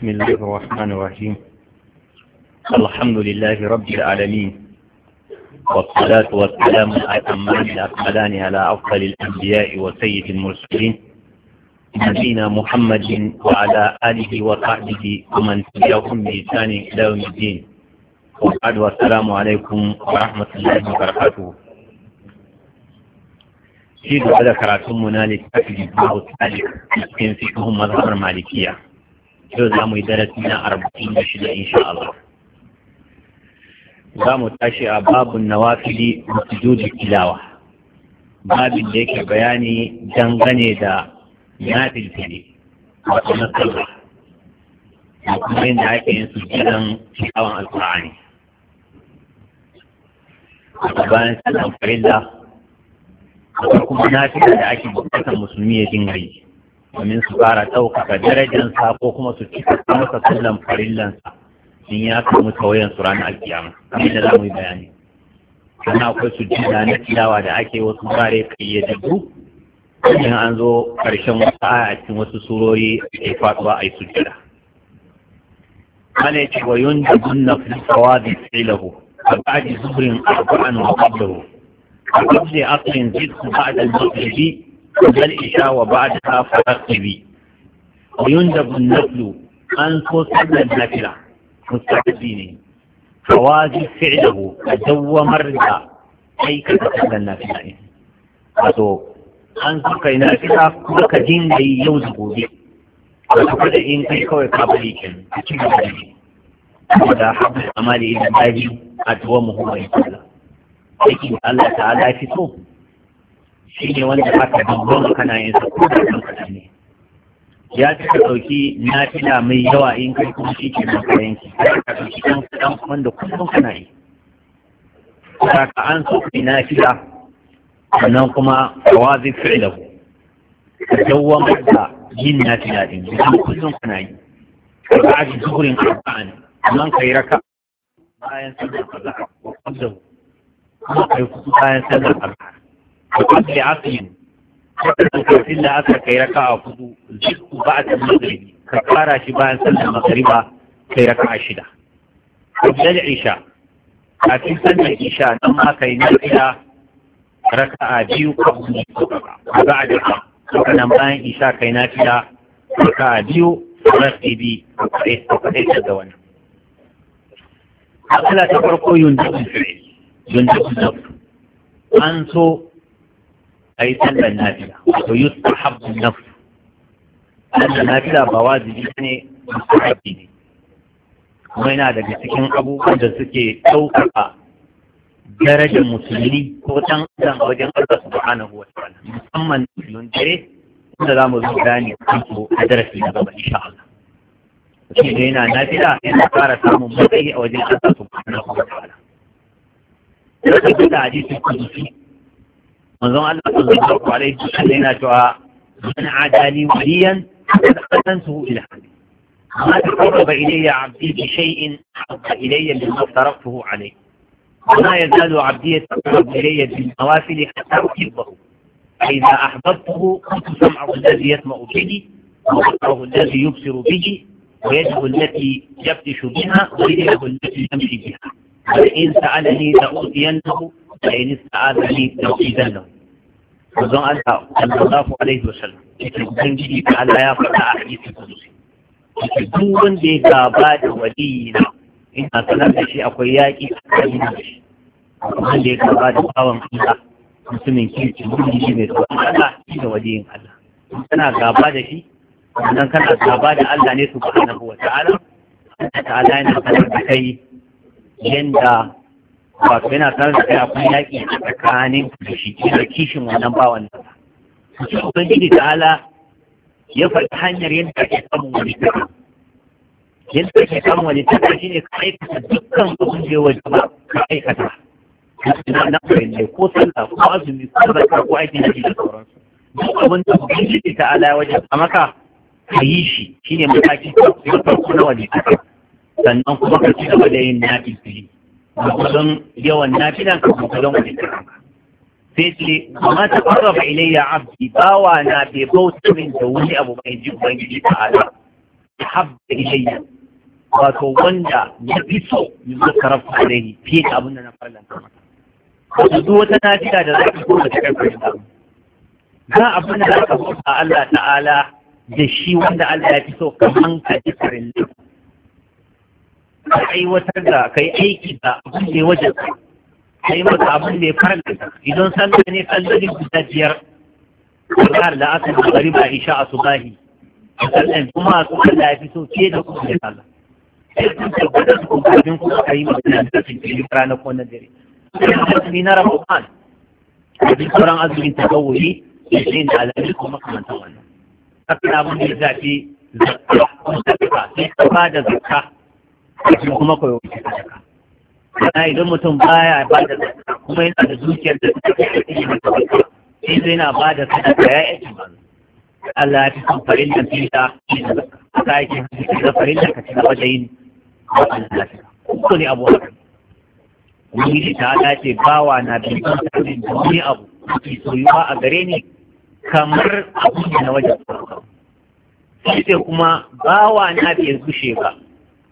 بسم الله الرحمن الرحيم الحمد لله رب العالمين والصلاة والسلام الأتمان الأكملان على أفضل الأنبياء وسيد المرسلين نبينا محمد وعلى آله وصحبه ومن تبعهم بإحسان إلى يوم الدين وبعد والسلام عليكم ورحمة الله وبركاته في دعاء منالك لتأكد الله تعالى في فقه مظهر مالكيه yau za mu yi darasi na arba'in da shida insha Allah za mu tashi a babun nawafili masujudi kilawa babin da yake bayani dangane da nafilfili wato na sallah da kuma da ake yin sujudan kilawan alkur'ani a bayan sallan farilla da kuma nafila da ake bukatar musulmi ya dinga yi domin su fara ɗaukaka darajansa ko kuma su cika masa sallan farillansa in ya kamu tawayen su ranar alkiyama kamar da za mu yi bayani sannan akwai su jina na tilawa da ake wasu bare kayyadaddu in an zo ƙarshen wata aya cikin wasu surori ke faɗuwa a yi sujjada ana ce wa yun da gunna filkawa da filahu a ba'adi zuhurin arba'an wa qablahu a qabli aqlin zidku ba'da al-maghribi wajen isha wa ba da hafa rakibi yun da bunnaflu an so sallar nafila mustafi ne fawazi fi'lahu ka dawwamar da aikata sannan nafila ne wato an so kai nafila kuma ka dinga yi yau da gobe wato kada in kai kawai ka bari kin ka ci gaba da shi da habbul amali idan dahi a tuwa muhimmanci Allah. Aikin Allah ta'ala fi so shi ne wanda ba ta dangoma kana yin sa ko da kan kaɗan ne ya ci ka ɗauki na fila mai yawa in kai kuma shi ke nan kayan ki ka ɗauki ɗan kaɗan wanda kullum kana yi ka an so kai na fila sannan kuma da ku ka dawwamar da yin na fila ɗin idan kullum kana yi ka ba'ad zuhurin arba'an nan yi raka bayan sallar azhar wa qablahu kuma kai bayan sallar azhar وقبل عصر kafin da aka kai raka a kudu zikku ba a magribi ka fara shi bayan sallar magriba kai raka a shida kabila da isha kafin sallar isha nan ma kai nafiya raka a biyu kafin da su ka za a jirka haka nan bayan isha kai na nafiya raka a biyu sauran ɗibi a kwaɗaitar da wannan akala ta farko yundukun fi'il yundukun nafsu an so a yi sallar nafila to yustahabbu nafs sallar nafila ba wajibi ne mustahabbi ne kuma yana daga cikin abubuwan da suke ɗaukaka darajar musulmi ko ɗan adam a wajen Allah subhanahu wa ta'ala musamman filin dare inda za mu zo gani kansu a darasi na gaba insha Allah shi da yana nafila yana fara samun matsayi a wajen Allah subhanahu wa ta'ala. Yau da hadisi kudusi manzon الله sallallahu alaihi wasallam yana cewa man adali waliyan faqad ما تقرب إلي عبدي بشيء حق إلي مما افترضته عليه وما يزال عبدي يتقرب إلي بالنوافل حتى أحبه فإذا أحببته كنت سمعه الذي يسمع به وبصره الذي يبصر به ويده التي يفتش بها ويده التي يمشي بها in sa'alani da ku da in sa'alani da ku manzon Allah sallallahu alaihi wasallam kun ji ka Allah ya faɗa a hadisi kudusi Cikin kun wanda ya gaba da waliyina ina sanar da shi akwai yaƙi a tsakanin da shi wanda ya gaba da bawan Allah mutumin kirki mutum shi ne tsoron Allah shi da waliyin Allah kana gaba da shi sannan kana gaba da Allah ne subhanahu wa ta'ala Allah ta'ala yana sanar da kai yanda wato yana tare da kai kuma yaƙi tsakanin da shi da kishin wannan bawan nan su ubangiji da ala ya faɗi hanyar yadda ake samun wani taka yadda ake samun wani taka shi ne ka aikata dukkan abin da ya ba ka aikata na fahimtai ko sallah ko azumi ko zaka ko aikin haji da sauransu duk abin da ubangiji da ala ya a maka ka yi shi ne mataki na farko na wani taka sannan kuma ka ci gaba da yin nafi fili kusan yawan nafilan ka don wani karanka sai ce amma ta ƙarraba ilayya abdi bawa na bai min da wani abu mai ji ubangiji ta ala ta habba ilayya wato wanda ya fi so yi zo karafta alaihi fiye da abin da na lantarki. mata wato duk wata nafila da za ka so da ta kai ta za a fi da za ka bauta Allah ta'ala da shi wanda Allah ya fi so kamar ka ji karin nan. ka aiwatar da ka yi aiki da abin da ya wajen ka yi maka abin da ya faranta idan sallah ne salloli guda biyar azhar da asar da gariba isha a subahi a sallan kuma su Allah ya fi so ke da kuma da tsalla, sai kun tabbata su kuma abin kuma ka yi magana da su ke rana ko na dare sai na ramadan da duk sauran azumin tasawuri da shi da alamin kuma kamantar wannan haka na abin da ya zafi zakka ko zakka sai ka ba da zakka cikin kuma wuce ta sadaka ana idan mutum baya ba da kuma yana da zuciyar da ta take da take da shi zai na ba da ta ya yi ba Allah ya fi son farin da fita shi sadaka aka yi kin da farin da ka ci gaba da yin ba Allah ya ko ne abu haka Ubangiji ta dace bawa na bincin sabbin da wani abu ke soyuwa a gare ni kamar abin da na wajen farko. Sai kuma bawa na bai gushe ba,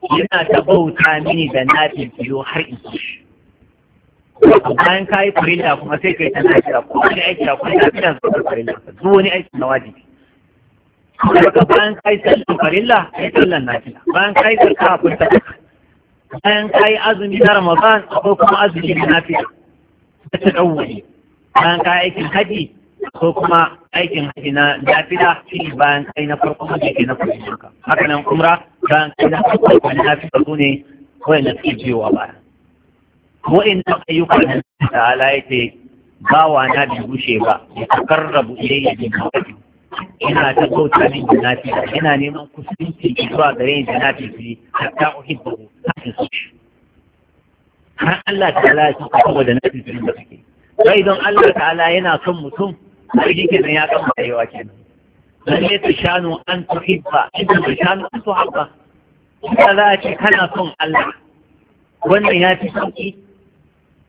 yana ta bauta mini da na bibiyo har in ci bayan ka yi farilla kuma sai ka yi ta nafila ko wani aiki da kuma nafila su zuwa farilla zuwa wani aiki na wajibi daga bayan ka yi sallan farilla ka yi sallan nafila bayan ka yi zarka a kun bayan ka yi azumi na ramadan akwai kuma azumi na nafila ta ta ne. bayan ka yi aikin haji ko kuma aikin haji na nafila shi bayan kai na farko haji ke na farko haka haka nan umra bayan kai na farko haji na fi farko ne kawai na fi jiwa ba wa'annan ayyukan da ta'ala ya ce ba wa na bi gushe ba ya takarrabu ilayya bin mawadi ina ta bauta min da ina neman kusanci zuwa gare ni da nafila hatta uhibbu hatta su har Allah ta'ala ya ce saboda nafila da ke? sai don Allah ta'ala yana son mutum zargi kenan ya kama rayuwa kenan lalle ta shanu an tuhibba ita ta shanu an tuhabba ita za a ce kana son Allah wannan ya fi sauki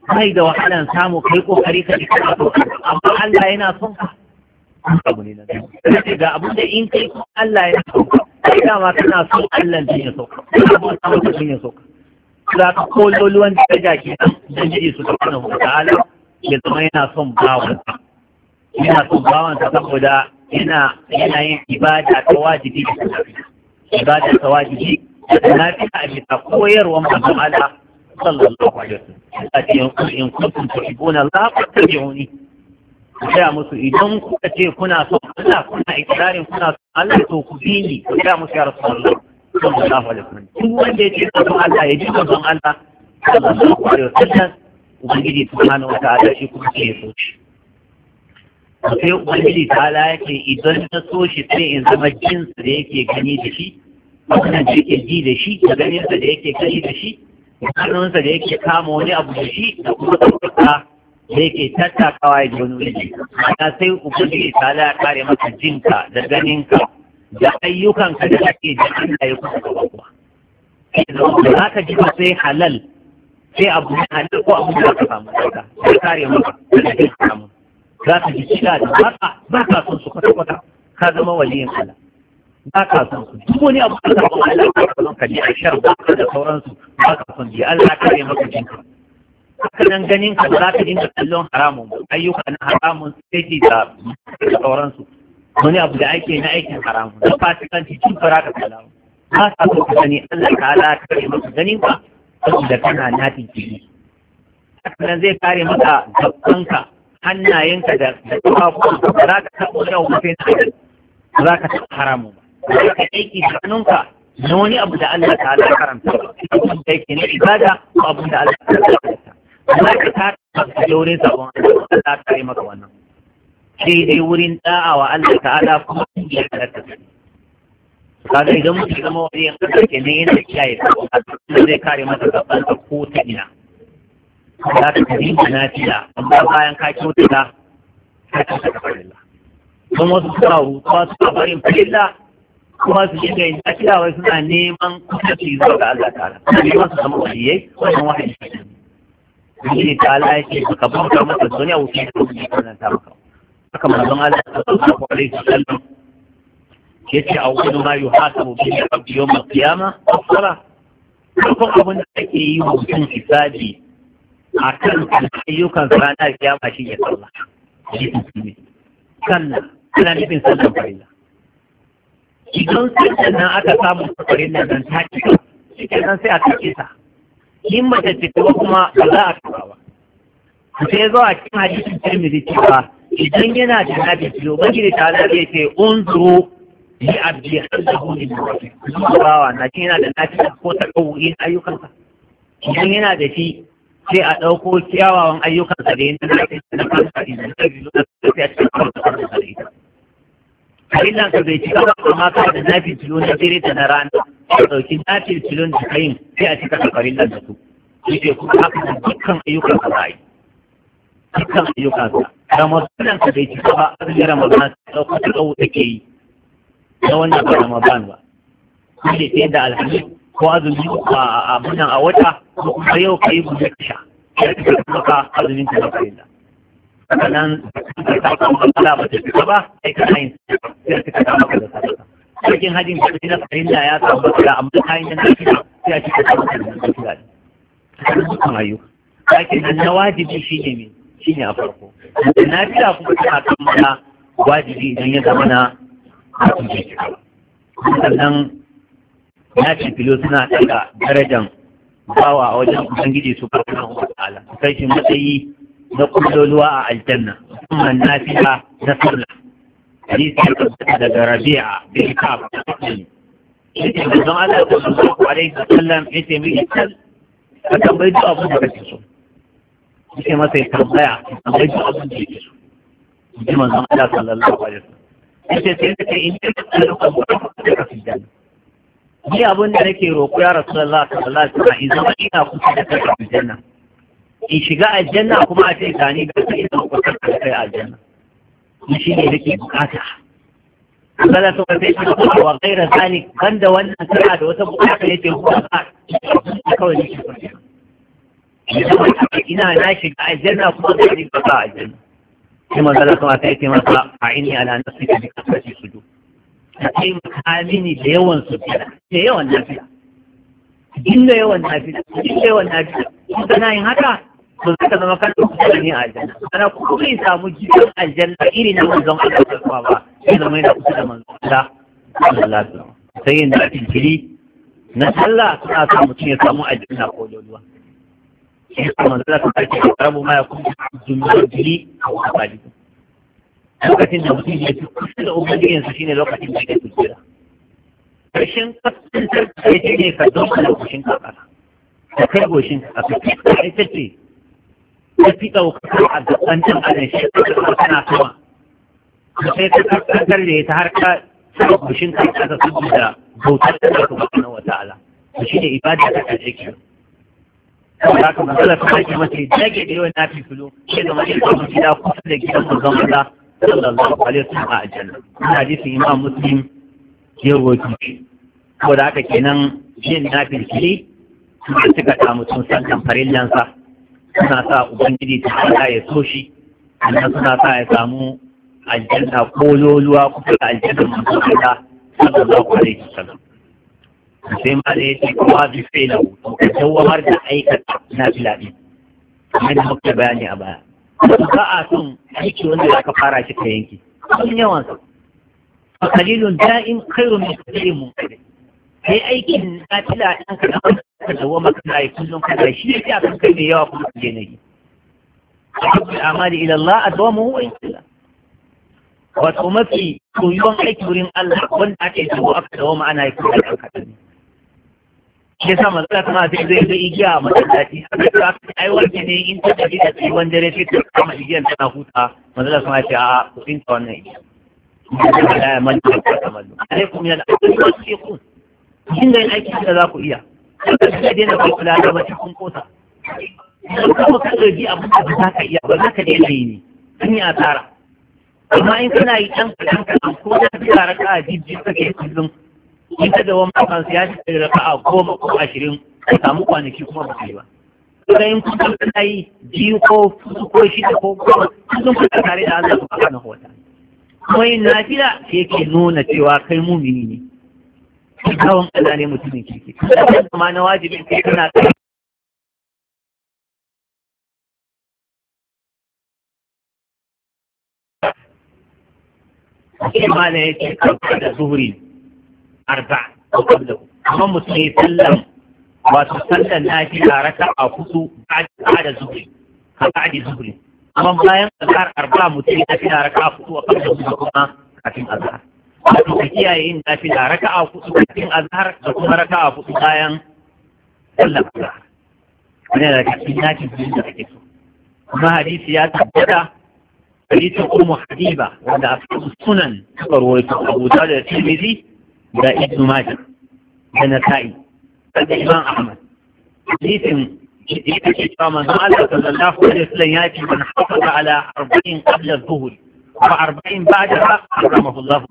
mai da wahalan samu kai kokari ka cikin kana amma Allah yana son ka abu ne na ga abin da in kai son Allah yana son ka kai dama kana son Allah ne ya sauka abin da mutum ya sauka za ka kololuwan daraja kenan da jiri su ta kana ta'ala ya zama yana son bawa yana son bawansa saboda yana yana yin ibada ta wajibi da lafiya ibada ta wajibi da lafiya a bisa koyarwar manzon Allah sallallahu alaihi wasallam in kuntum tuhibbuna Allah fattabi'uni gaya musu idan kuka ce kuna son Allah kuna ikrarin kuna son Allah to ku bi ni ku gaya musu ya rasulullah sallallahu alaihi wasallam duk wanda ya ce son Allah ya ji son Allah sallallahu alaihi wasallam ubangiji subhanahu wa ta'ala shi kuma ke so shi sai ubangiji ta ala ya idan na so shi sai in zama jins da yake gani da shi wannan da yake ji da shi da ganinsa da yake gani da shi hannunsa da yake kama wani abu da shi da kuma tsarkaka da yake tattakawa ya ji wani wuri ana sai ubangiji ta ala kare maka jinka da ganinka da ayyukanka da kake da Allah ya kusa gaba kuwa da za ka ji ba sai halal sai abu halal ko abu da ka samu da kare maka da kake samu za ka ji kiɗa da waƙa ba ka son su kwata-kwata ka zama waliyin Allah ba ka son su duk wani abu da ka Allah ba ka son ka ji a shar ba ka da sauransu ba ka son ji Allah ka yi maka jinka haka nan ganin ka za ka dinga kallon haramun ayyuka na haramun sai da sauransu wani abu da ake na aikin haramun da fasikanci cin fara ka kallon ba ka so ka gani Allah ta ala ka yi maka ganin ka saboda kana nafi jini haka nan zai kare maka gabanka hannayenka da kafafunka ba za ka taɓa wani abu sai za ka taɓa haramu ba za ka aiki da hannunka na wani abu da Allah ta ala karanta ba kuma da yake na ibada ko abin da Allah ta ala karanta za ka ta ka su wurin sabon Allah Allah ta yi maka wannan sai dai wurin da'a wa Allah ta ala kuma ya karanta su kaga idan mutum zama wani yankin da ke ne yana kiyaye sabon Allah zai kare masa da ko ta ina za ka kari da nafila amma bayan ka kyautata ka kyautata farilla don wasu suna rutuwa suna barin farilla kuma su dinga yin nafila wai suna neman kusanci zuwa ga Allah ta'ala suna neman su zama waliyai wannan wahayi Ubangiji ta ala ya ce ka bauta masa duniya wuce da kuma wannan ta maka. Haka manzon Allah sallallahu alaihi wasallam yace awwalu ma yuhasabu bihi yawm al-qiyamah as-salah. Farkon abin da ake yi wa mutum hisabi a kan ayyukan ranar kiyama shi ya sallah sannan ana nufin sallan farilla idan sallan nan aka samu farilla nan ta cika cikin nan sai a kace sa. in mace cika ba kuma ba za a kafa ba sai zo a cikin hadisin tirmidhi cewa idan yana da nabi kilo bangire ta ala zai ce unzuru li abdi halahu min rafi zuwa bawa na cikin yana da nabi ko ta kawo ayyukansa idan yana da shi sai a ɗauko kyawawan ayyukan sa da na kansa idan ta biyu da ta ce kawai ta kansa da ita farillan ka bai cika ba amma ka da nafi tilon na dare da na rana ka ɗauki nafi tilon da kayin sai a cika ka farillan da su shi ke kuma haka da dukkan ayyukan ka za a yi dukkan ayyukan ka ramadan ka bai cika ba a zuwa ramadan ka ɗauka ta ɗau take yi na wannan ba ramadan ba da ke da alhamdulillah ko azumi a abinan a wata ko kuma yau ka yi buɗe sha ya fi maka azumin ka na fahimta sannan ka ta kan matsala ba ta fita ba sai ka nayin ya fi ka maka da sadaka cikin hajjin ka na fahimta ya samu matsala amma ta kayan nan ka sai ya ci ka samu da matsala ne sannan dukkan Ya lakin nan na wajibi shi ne mai shi ne a farko na fila kuma tana kan mana wajibi idan ya zama na wajibi sannan na filo suna daga darajan bawa a wajen ubangiji su farkon wa ta'ala kai shi matsayi na kulloluwa a aljanna musamman ba na sallah hadisi ya tabbata daga rabi'a bin kaf yake manzon Allah sallallahu alaihi wasallam yake miki kal ka tambayi duk abin da kake so yake masa ya tambaya tambayi duk abin da yake so yake manzon Allah sallallahu alaihi wasallam yake sai ka in ka tsaya ka mutu ka fi janna ni abin da nake roƙo ya Allah ta Allah ta in zama ina kusa da kai aljanna in shiga aljanna kuma a ce gani da kai ina kusa da kai aljanna ni shi ne nake bukata kada ta kwafe ka da wa gaira zalik kan da wannan tana da wata bukata yake kuwa a kawai ni shi ina na shiga aljanna kuma zai a aljanna kuma manzala kuma sai ce masa a inni ala nafsi bi kasati sujud ka taimaka mini da yawan sujjada da yawan nafila inda yawan nafila inda yawan nafila in kana yin haka ba za ka zama kan da ne a aljanna ana kuma bai samu jikin aljanna iri na manzon Allah sallallahu ba sai zama yana kusa da manzon Allah sallallahu alaihi wasallam sai yin nafil jiri na sallah suna sa mutum ya samu aljanna ko loluwa sai manzon Allah sallallahu alaihi wasallam ya kuma jumlar jiri a wani lokacin da mutum ya fi kusa da ubangijinsa shine lokacin da ya fi jira ƙarshen kasantar da ya ne ka zama da goshin ka ƙasa da kai goshin a fi ta ita ce ta fi ɗaukaka a gaban ɗan adam shi ta ƙasa tana sama ka sai ka kasantar da ya ta harka ka sa goshin ka ƙasa da bautar da ta kuma kana wata ala to shi ne ibada ta ƙarshe ke Saka matsala ta ake mace dage da yawan na fi filo, shi zama shi zama gida kusa da gidan mu zama sallallahu alaihi wasallam a ina ko da haka kenan yin nafilfili suna suka ta mutum sannan suna sa ubangiji ta hada ya so sannan suna sa ya samu aljanna ko sai ma da ce kowa bi fela, ka dawamar da aikata na filaɗi kamar da muka bayani a baya ba a son aiki wanda za ka fara shi ka yanki, sun yawan sa fa qalilun da'im khairun min kathirin mun kai aikin nafila dan ka da dawama kana yi kullum kana shi ne ya kan kai mai yawa kuma je ne ahabbu amali ila a adwamu wa in kalla wato mafi koyon aiki wurin Allah wanda ake zuwa aka dawama ana yi kullum kana shi yasa matsala tana sai zai zai igiya a matsalaci a ai wanda ne in ta daji da ciwon dare sai ta kama igiyan tana huta matsala tana ce a kudin ta wannan igiya da ya manta da ta mallu alaikum ya alaikum wa tiqu kin ga aiki da za ku iya ka daina ku kula da mace kun kosa kuma ka gaji abin da za ka iya ba za ka daina yi ne kun yi asara amma in kana yi ɗan kaɗan kaɗan ko da ka raka a jijjin kake kullum in ta dawon makon ya shi da raka'a goma ko ashirin ka samu kwanaki kuma ba ba kuma in kun san kana yi biyu ko ko da ko goma sun fita tare da Allah subhanahu wa ta'ala kuma yin nafila shi yake nuna cewa kai mumini ne kawon Allah ne mutumin kirki kuma na wajibi kai kana kai ma ne ya ce da zuhuri أربع أو قبله أمام مسلم يسلم وتصلى النافلة ركع أو فتو بعد بعد الزهر بعد الزهر أمام لا ينقل أربع مسلم يسلم ركع أو فتو وقبل الزهر كتم أظهر وتوكيا إن نافلة ركع أو فتو كتم أظهر وكما ركع أو فتو لا ينقل أظهر من هذا كتب الناجم في الزهر وما هذه سياسة بدا حديث أم حبيبة وعند أصحاب السنن أكبر ورثة أبو داود الترمذي da ibn majah da nasa'i da imam ahmad hadisin ita ce cewa manzon Allah sallallahu alaihi wasallam ya ce man hafaza ala arba'in qabla dhuhr wa arba'in ba'daha haramahu Allah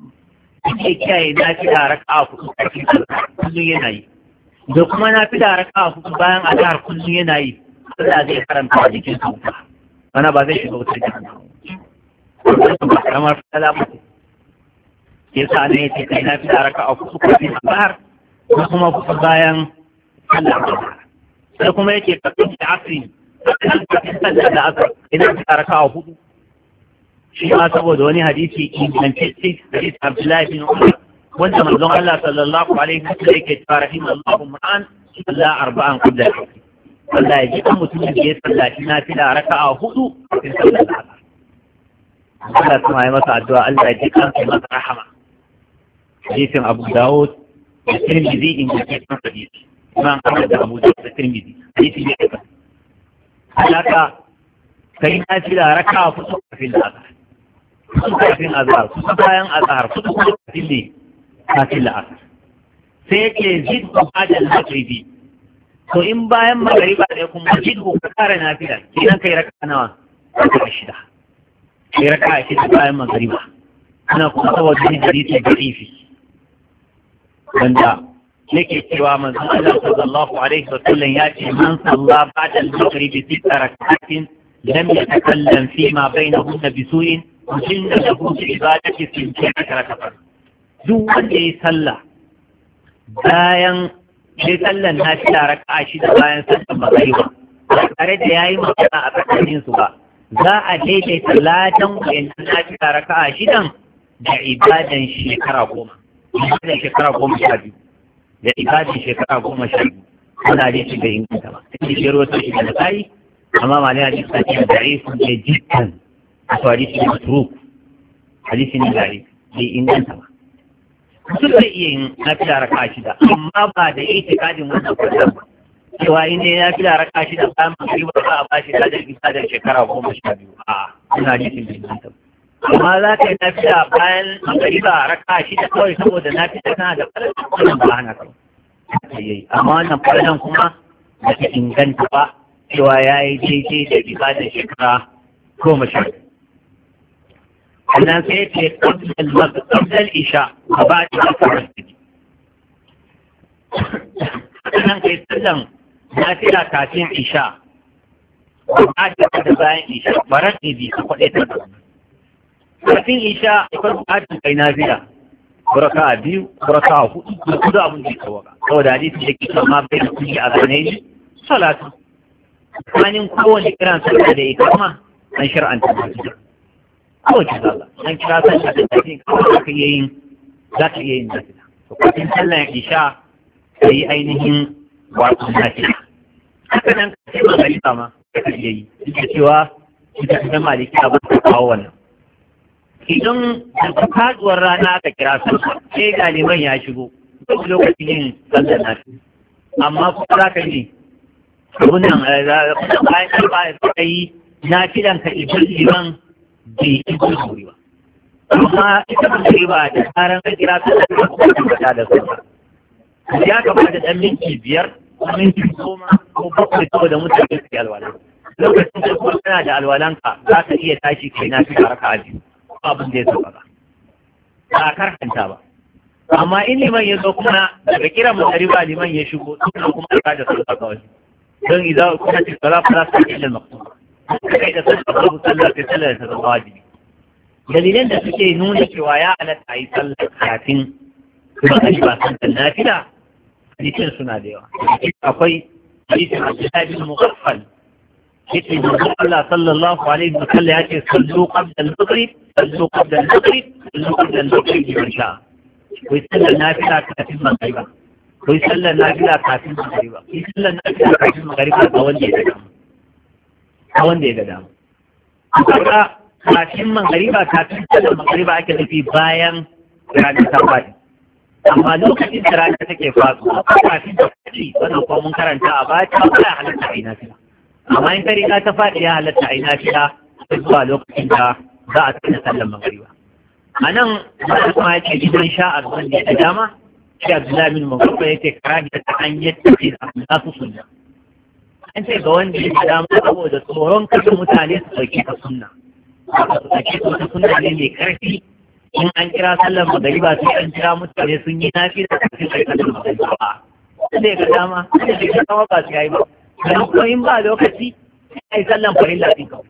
yake kiyaye na fi da raka'a hudu kafin yana yi da kuma na fi da raka'a hudu bayan azhar kullun yana yi Allah zai karanta jikin sa wani ba zai shiga wutar jahannama kamar Yasa sa ne ya kai na fi da raka a kusa kafin azhar na kuma kusa bayan sallar sai kuma yake kafin da asiri kafin sallar da azhar idan fi da raka a hudu shi ma saboda wani hadisi ingantacce hadisi Abdullahi bin Umar wanda manzon Allah sallallahu alaihi wasallam yake cewa rahimallahu ma'an sallah arba'an qabla Allah ya ji kan mutumin da ya sallaci na fi da raka'a hudu kafin sallar da Allah kuma ya masa addu'a Allah ya ji kan masa rahama hadisin abu dawud da tirmidhi in da cikin hadisi kuma an da abu dawud da tirmidhi hadisi ne kafa alaka kai na fi da raka kusa kafin da azhar kusa kafin azhar kusa bayan azhar kusa kuma kafin ne kafin da azhar sai yake zidku hajjal maghribi to in bayan magariba ne kuma zid ku zidku ka kara nafila kenan kai raka nawa raka shida kai raka shida bayan magariba ana kuma saboda hadisi da da'ifi wanda nake cewa manzon Allah sallallahu alaihi wasallam ya ce man salla ba'da al-maghrib bi tarakatin lam yatakallam fi ma bainahunna bi su'in ujinna lahu bi ibadati sintin tarakatin duk wanda ya salla bayan ya sallan na shi da raka'a shi da bayan sallan magariba ba tare da yayi magana a tsakanin su ba za a daidaita ku wayannan na shi da raka'a shidan da ibadan shekara goma ibadin shekara goma sha biyu da ibadin shekara goma sha biyu ana hadisi da inganta ba sai shi rawaito shi da nasai amma a malai hadisi ta ce da'ifun a jiddan wato hadisi ne matruk hadisi ne da'if bai inganta ba mutum zai iya yin nafila raka shida amma ba da ita kajin wannan kwallon ba cewa in dai nafila raka shida ba mu yi ba a ba shi kadar isa da shekara goma sha biyu a'a ina hadisin bai inganta ba amma za ka yi nafiya bayan magariba a raka shi da kawai saboda nafiya tana da ƙarfi ba hana ka amma wannan falalan kuma ba ta inganta ba cewa ya yi daidai da da shekara goma sha sannan sai ce kamsal isha a ba ta da farin ciki sannan kai sallan nafiya kafin isha ba ta da bayan isha farin bi a kwaɗe ta da kafin isha akwai buƙatar kai zira buraka a biyu buraka a hudu da kudu abin da ya waka da hadisi da kisa ma bai da kuji a zane ne salatu tsakanin kowane kiran sarki da kama an shar'anta nafila kowace sallah an kira sallah da kafin kawai za ka iya yin za ka iya yin nafila to kafin sallan isha ka yi ainihin wato nafila haka nan ka ce ma ma ka iya yi duk da cewa ita ta maliki abin da kawo wannan idan da faduwar rana aka kira su ke galiban ya shigo duk lokacin yin sallar na amma kuma za ka ji abun nan eh, bayan alba ka yi na kiran ka ibi liman bai ibin sauri ba amma ita ba sai ba da tsarin ka kira su da kuma ta da sauka ya kamata dan minti biyar ko minti goma ko bakwai saboda mutane su yi alwala lokacin da kuma kana da alwalanka za ka iya tashi kai na fi harka a biyu abin da ya sauƙaƙa ba a karhanta ba amma in liman ya zo kuma daga kiran magariba liman ya shigo suna kuma da da sallah kawai don idza kuma ci sala fara sa ila maqsud kai da sallah babu sallah sai sallah ta zama wajibi dalilan da suke nuna cewa ya a yi sallah kafin magariba sallah nafila hadisin suna da yawa akwai hadisin Abdullahi bin Mughaffal yake manzon Allah sallallahu alaihi wa sallam yake sallu qabla al sallu qabla al sallu qabla al-maghrib in sha ku sallar nafila kafin magriba ku sallar nafila kafin magriba ku sallar nafila kafin magriba ga wanda ya dama ga wanda ya dama kafin kafin ake nufi bayan ranar safari amma lokacin da rana take faɗo kafin da kaci wannan kuma mun karanta a baya ta fara halatta a ina fila amma in tarika ta faɗi ya halatta a ina fiya zuwa lokacin da za a tsaye sallan magariba a nan za kuma yake gidan sha a zuwan da ya dama shi abdullahi bin mafarko ya ce da ta an yi tafi da na su sunna an ce ga wanda ya dama saboda tsoron kashe mutane su sauke ta sunna su ɗauki ta sunna ne mai karfi in an kira sallan magariba sai an kira mutane sun yi nafi da kafin sai sallan magariba ba sai ga dama sai ga dama ba su yayi ba sannan kuma in ba lokaci ai sallan farin din kawai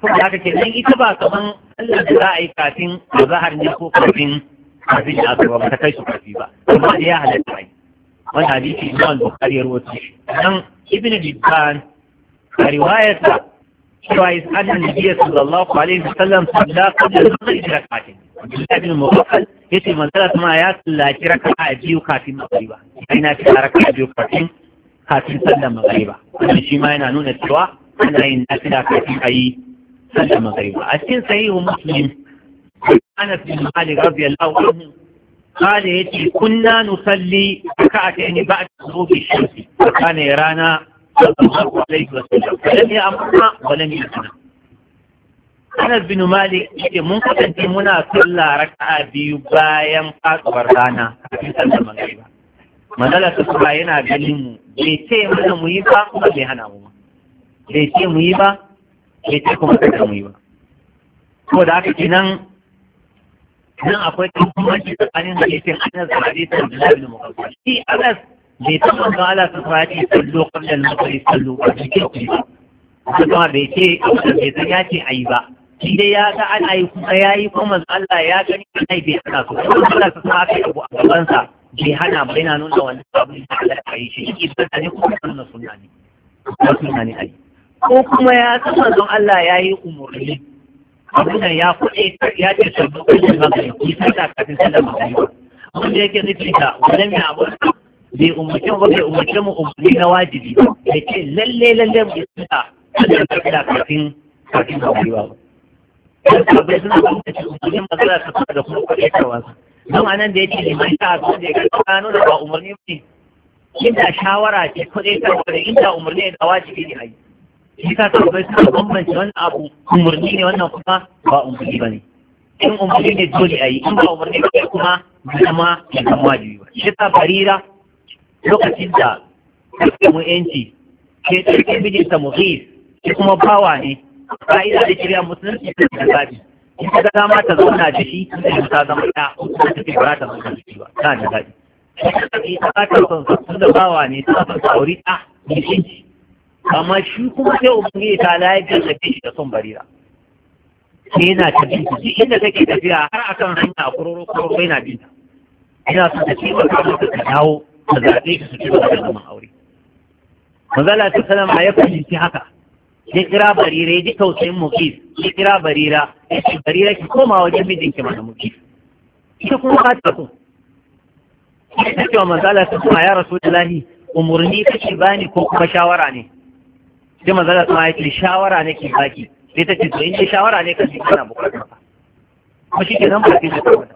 kuma haka ke nan ita ba kaman sallan da za a yi kafin zahar ne ko kafin kafin da asuba ba ta kai su kafi ba kuma da ya halatta ai wani hadisi imam bukhari ya rubuta shi nan ibn hibban a riwayarsa cewa ya tsada na biya sallallahu alaihi wa wasallam sallah kabla zuwa da rakatin Abdullahi bin Mughafal yace manzala kuma ya sallaci raka'a biyu kafin magriba sai na fi raka'a biyu kafin kafin sallar magariba wannan shi ma yana nuna cewa ana yin nafila kafin a yi sallar magariba a cikin sahihu muslim anas bin malik radiyallahu anhu قال يتي كنا نصلي ركعتين بعد غروب الشمس فكان يرانا صلى الله عليه وسلم amma, يأمرنا ولم يأمرنا Anas bin Malik yake mun kasance muna sallah raka'a biyu bayan fasuwar rana kafin sallar magariba. manala ta kuma yana ganin mu bai ce mana mu yi ba kuma bai hana mu ba bai ce mu yi ba bai ce kuma kada mu yi ba ko da haka kenan nan akwai tabbaci tsakanin hadisin Anas da hadisin Bilal bin Mukaffal shi Anas bai taɓa ga Allah ta fara ce sallo qabla al-maghrib sallo a cikin ku kuma bai ce bai san ya ce ayi ba shi dai ya ga an ayi kuma yi kuma Allah ya gani kai bai hana su kuma Allah ta fara abu a gabansa bai hana ba yana nuna wani abin da Allah ya yi shi shi sunna ne ko na suna ne ko suna ne ai ko kuma ya san manzon Allah ya yi umurni abin da ya kuɗe ya ce sabbin kuɗin magana ki sunna kafin sallar magana da yake nufi da wannan ya abu bai umarci ba bai umarci mu umarni na wajibi da ce lalle lalle mu sunna sallar magana kafin kafin magana ba. Yadda suna ba mutu umarnin magana ta da kuma kwaɗe ta wasu. don anan da ya ce liman ta su da ga gano da ba umarni ne inda shawara ce ko dai ta da inda umarni da ce ne ai shi ka ta bai ta bambance wannan abu umarni ne wannan kuma ba umarni ne. in umarni ne dole yi? in ba umarni ba kuma zama ya kan wajibi ba shi ta barira lokacin da mu yanci ke tsarkin mu muhis shi kuma bawa ne ka'ida da shirya musulunci da zabi in ka dama ta zauna da shi tun da ta zama ta kuma ta ba ta zauna jiki shi ba ta da daɗi shi ta ta son sa tun da bawa ne ta son sa wuri ta mutunci amma shi kuma sai ubangiji ta layar da take shi da son barira Ke yana ta bin duk inda take tafiya har a kan hanya a kororo kororo yana bin ta ina son ta ce ba ta ta dawo ta zaɓe ka su ci gaba da zaman aure manzala ta salama ya fahimci haka ya kira barira ya ji tausayin mukis ya kira barira ya ce barira ki koma wajen mijinki mana muke ita kuma ba ta so sai ta ce wa manzala ta kuma ya rasu da lahi umarni kake bani ko kuma shawara ne sai manzala ta ya ce shawara ne ke baki sai ta ce to in shawara ne kan kana bukatar ka kuma shi ke nan ba ke da wata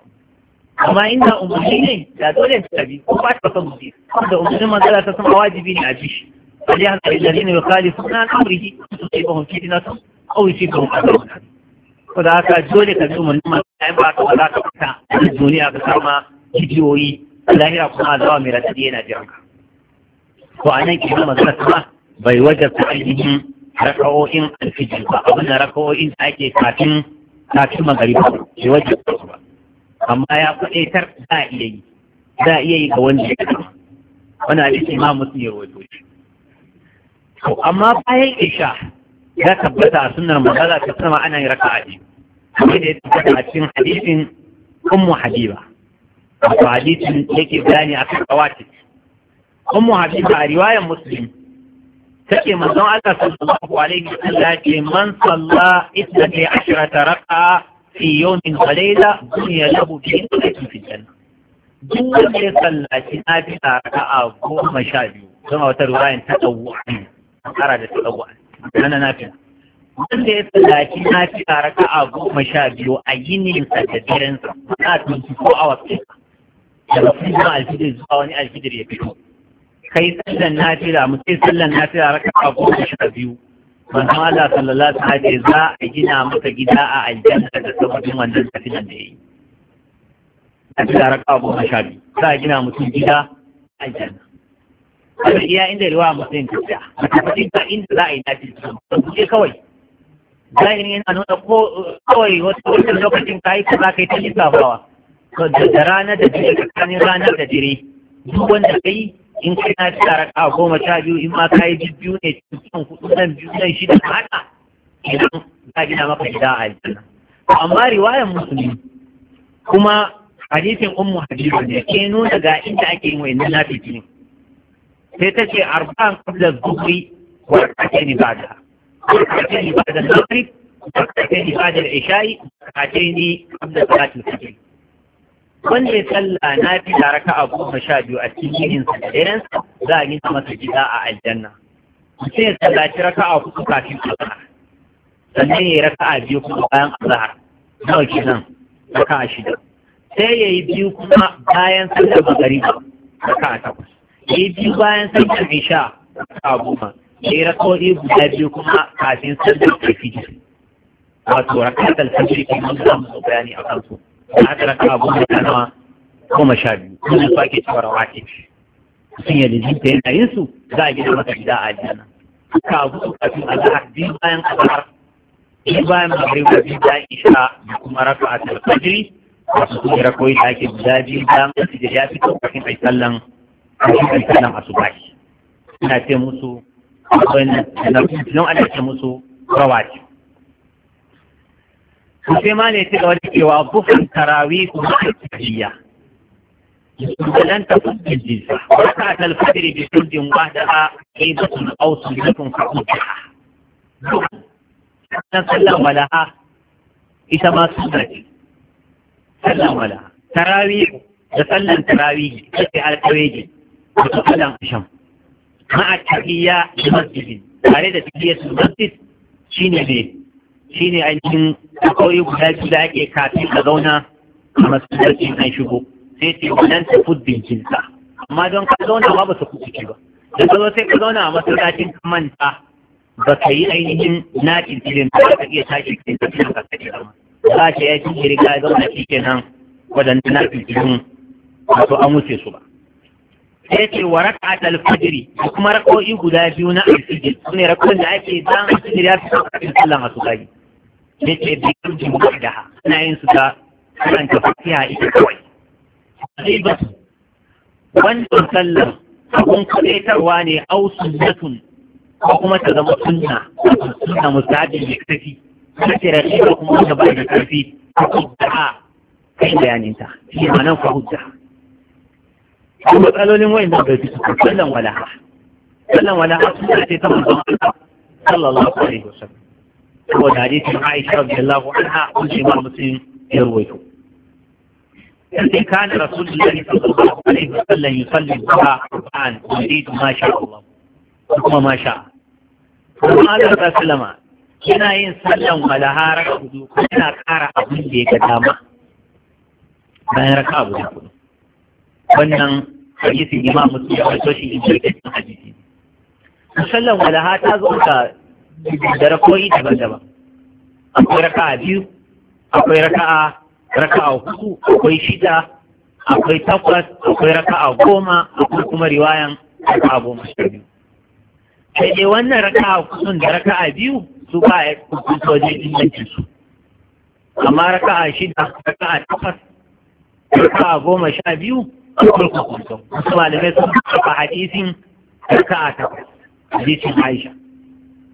amma ina umarni ne da dole ta tabi ko ba ta son mutum da umarnin manzala ta sama wajibi ne a bi shi فليحذر الذين يخالفون عن امره تصيبهم فتنه او يصيبهم عذاب ko da haka dole ka zo mun ma ai ba ka za ka fita duniya ka sama kijiyoyi lahira kuma zawa mai ratadi yana jiran ka to anan ki ma magana kuma bai wajabta ainihin raka'o'in alfijir ba abin da raka'o'in da ake kafin kafin magariba bai wajabta ba amma ya kudaitar za a iya yi za a iya yi ga wanda ya kama wani hadisi ma mutum ya rawaito shi to amma bayan isha ya tabbata a sunnar manzala ta sama ana yin raka'a biyu kamar da ya tabbata a cikin hadisin ummu habiba wato hadisin yake bayani a kan kawati ummu habiba a riwayan muslim take manzon Allah sallallahu alaihi wa sallam ce man salla ithnatay ashrata raka'a fi yawmin wa layla dunya lahu bi ithnatay fi jannah duk wanda ya sallaci na fi raka'a goma sha biyu don wata riwayan ta tsawo an ƙara da ta tsawo na nafila wanda ya tsallaci raka a goma sha biyu a yininsa da sa, na tuntu ko a wasu daga fitowar alfijir zuwa wani alfijir ya fito kai sallan fi mu sai sallan raka a goma sha biyu manzo Allah sallallahu alaihi wasallam za a gina masa gida a aljanna da sabbin wannan tafiyan da yayi raka a goma sha biyu za a gina mutum gida a aljanna kada iya inda riwaya muslim ta tsaya a tabbatin ka inda za a yi dace su kuje kawai zahirin yana nuna ko kawai wata lokacin ka yi kaza kai ta lissafawa da rana da jiri tsakanin ranar da jiri duk wanda ka in kai na ci tara ka goma sha biyu in ma ka yi biyu ne cikin hudu nan biyu nan shida ka haɗa idan ka gina maka gida a aljanna amma riwayan musulmi kuma hadisin ummu hadisu ne ke nuna ga inda ake yin wa'annan nafi ne sai ta ce arba'an qabla dhuhri wa rak'atayn ba'da rak'atayn ba'da al-maghrib rak'atayn ba'da al-isha'i rak'atayn qabla salat al-fajr wanda ya salla na fi da raka a goma sha biyu a cikin yin sadaren za a gina masa gida a aljanna mutum ya sallaci raka a kuka kafin azhar sannan ya yi raka a biyu kuma bayan azhar nawa kenan raka a shida sai ya yi biyu kuma bayan sallar magariba raka a takwas bayan biyu bayan mai sha a goma ya yi rakawai guda biyu kuma kafin sallar ta fiji wato rakatar fajiri ke mun samu su bayani a kansu da aka raka a goma ta nawa goma sha biyu kuma su ake cewa rawatib sun yi ta yana yin su za a gina masa gida a aljanna ka gudu kafin azhar biyu bayan azhar biyu bayan maghrib da biyu bayan isha da kuma Raka a fajr wasu sun yi rakoyi da ake guda biyu bayan da ya fito kafin yi sallan a cikin sallan ina ce musu nan ana ce musu rawaci su sai ma ne cewa tarawi kuma tafiya ta fuskar jinsa, wata talfadiri bi surdin wada a ƙidatun sallan ita ma suna Sallan Tarawi da sallan tarawi ita ce wato alam sham ma'a tafiya da masjidin tare da tafiya su masjid shi ne ne shi ne ainihin akwai guda biyu da ake kafin ka zauna a masjidin an shigo sai ce wannan ta fuddin jinsa amma don ka zauna ba ba ta kuɗi ba da ka zo sai ka zauna a masallacin ka manta ba ka yi ainihin na ƙirƙirin ba ka iya tashi ƙirƙirin ka cikin ka ba za ka yi ƙirƙirin ka zauna shi kenan waɗanda na ƙirƙirin wato an wuce su ba sai ce wa raka'at al-fajr kuma rak'o'i guda biyu na al Su ne rak'o'in da ake dan al-fajr ya fito kafin masu asubahi sai ce biyar bi kamji muqaddaha ina yin su da kan ta fatiha ita kawai sai ba wannan sallar abun kadaitarwa ne au sunnatun ko kuma ta zama sunna sunna musabi ne kafi kace rashi kuma wanda ba da kafi ko da kai bayaninta shi ma nan fa hujja ko matsalolin wayan da bai fito sallan walaha sallan walaha suna ce ta manzon Allah sallallahu alaihi wasallam ko da hadisin Aisha radiyallahu anha ko shi ma muslim ya ruwaito sai kana rasulullahi sallallahu alaihi wasallam yusalli duha an yurid ma sha Allah kuma ma sha kuma Allah sallama kina yin sallan wala raka hudu kina kara abin da ya ga dama bayan raka abu da wannan hadisi imam musu ya wato shi ingantaccen hadisi musallan walaha ta zo ka da rakoyi daban-daban akwai raka'a biyu akwai raka'a raka'a hudu akwai shida akwai takwas akwai raka'a goma akwai kuma riwayan raka'a goma sha biyu sai dai wannan raka'a kusun da raka'a biyu su ba a kusun sojin ingancin su amma raka'a shida raka'a takwas raka'a goma sha biyu alƙulƙa kwanto, wasu malamai sun kafa hadisin raka'a takwas hadisin aisha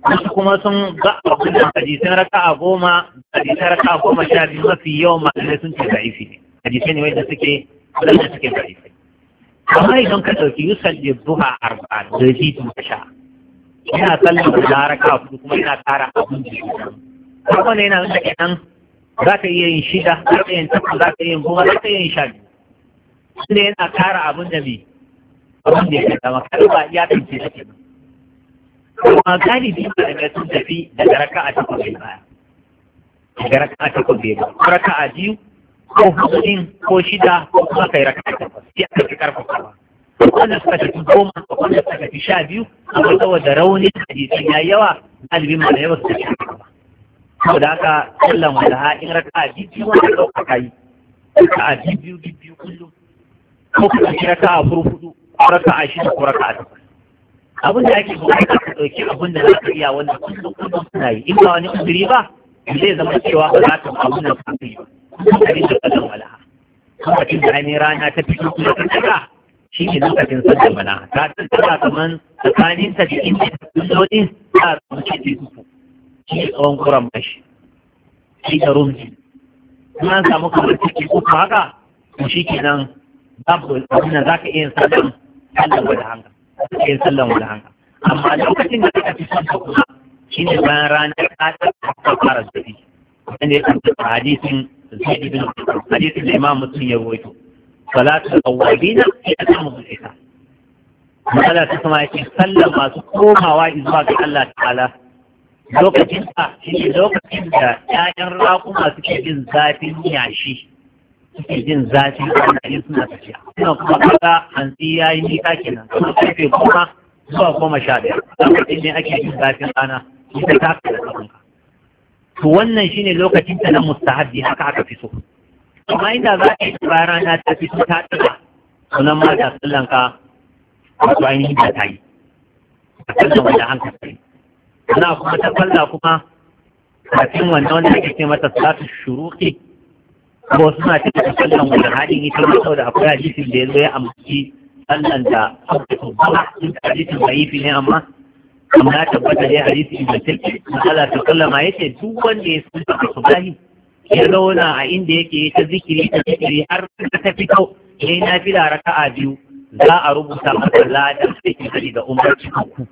wasu kuma sun ga abin da hadisan raka'a goma hadisan raka'a goma sha biyu mafi yawan malamai sun ce za'ifi ne hadisai ne wanda suke wanda suke za'ifi amma idan ka ɗauki yusan da zuha arba'a da zitin sha yana sallar da raka'a hudu kuma yana tara abin da ya kuma yana wanda kenan za ka iya yin shida za ka iya yin takwas za ka iya yin goma za ka iya yin sha biyu wanda yana kara abin da mai abin da ya zama kalma ya tafi da ke kuma galibi ba da sun tafi daga raka a cikin bai baya daga raka a takwas bai baya raka a biyu ko hudin ko shida ko kuma kai raka a takwas sai aka fi karfafa wanda suka tafi goma ko wanda suka tafi sha biyu amma saboda raunin hadisin ya yawa galibin ma da yawa suka tafi goma saboda haka sallan wadaha in raka a biyu wanda ɗaukaka yi raka a biyu biyu biyu kullum ko ka ɗauki raka a furfudu ko raka a shida ko raka a takwas abin da ake buƙata ka ɗauki abin da za ka iya wanda kullum kullum suna yi in ba wani uzuri ba zai zama cewa ba za ka abin da ka yi ba kuma ka rinka kallon Kuma lokacin da ainihin rana ta fito kuma ta tsaka shi ne lokacin sanda bana ta tsaka kamar tsakanin ta da inda ta fito din ta samu cikin uku shi ne tsawon kuran bashi shi da rumji kuma an samu kamar cikin uku haka to shi kenan babu abin za ka iya sallan sallan wani hanga ka iya sallan wani hanga amma lokacin da ka fi ka kuma shi ne bayan ranar ƙasar ta fara zafi wanda ya tabbata hadisin zai ibn hadisin da imam mutum ya rawaito salatu awwabina ya samu zuciya Allah ta kuma yake sallan masu komawa zuwa ga Allah ta'ala lokacin a shi lokacin da ƴaƴan raƙuma suke jin zafin yashi suke jin zafi ana yin suna tafiya suna kuma kaga hantsi ya yi nisa kenan kuma karfe goma zuwa goma sha ɗaya lokacin ne ake jin zafin rana ita ta fi da kafanka to wannan shine lokacin ta na mustahabbi haka aka fi so amma inda za ka yi tsara rana ta fi ta ɗaga sunan ma da sallanka wato ainihin da ta yi a sallan wanda hankali ana kuma ta falla kuma kafin wannan wanda ake ce mata salatu shuruqi kuma suna cikin sallan wani hadin ita ma saboda akwai hadisin da ya zo ya amfani sannan da abu ba hadisin zaifi ne amma amma tabbata dai hadisi na Allah ta sallama yace duk wanda ya sunta su subahi ya zauna a inda yake ta zikiri ta zikiri har ta fito ya yi nafila raka'a biyu za a rubuta masa ladan da ke gari da umar cikakku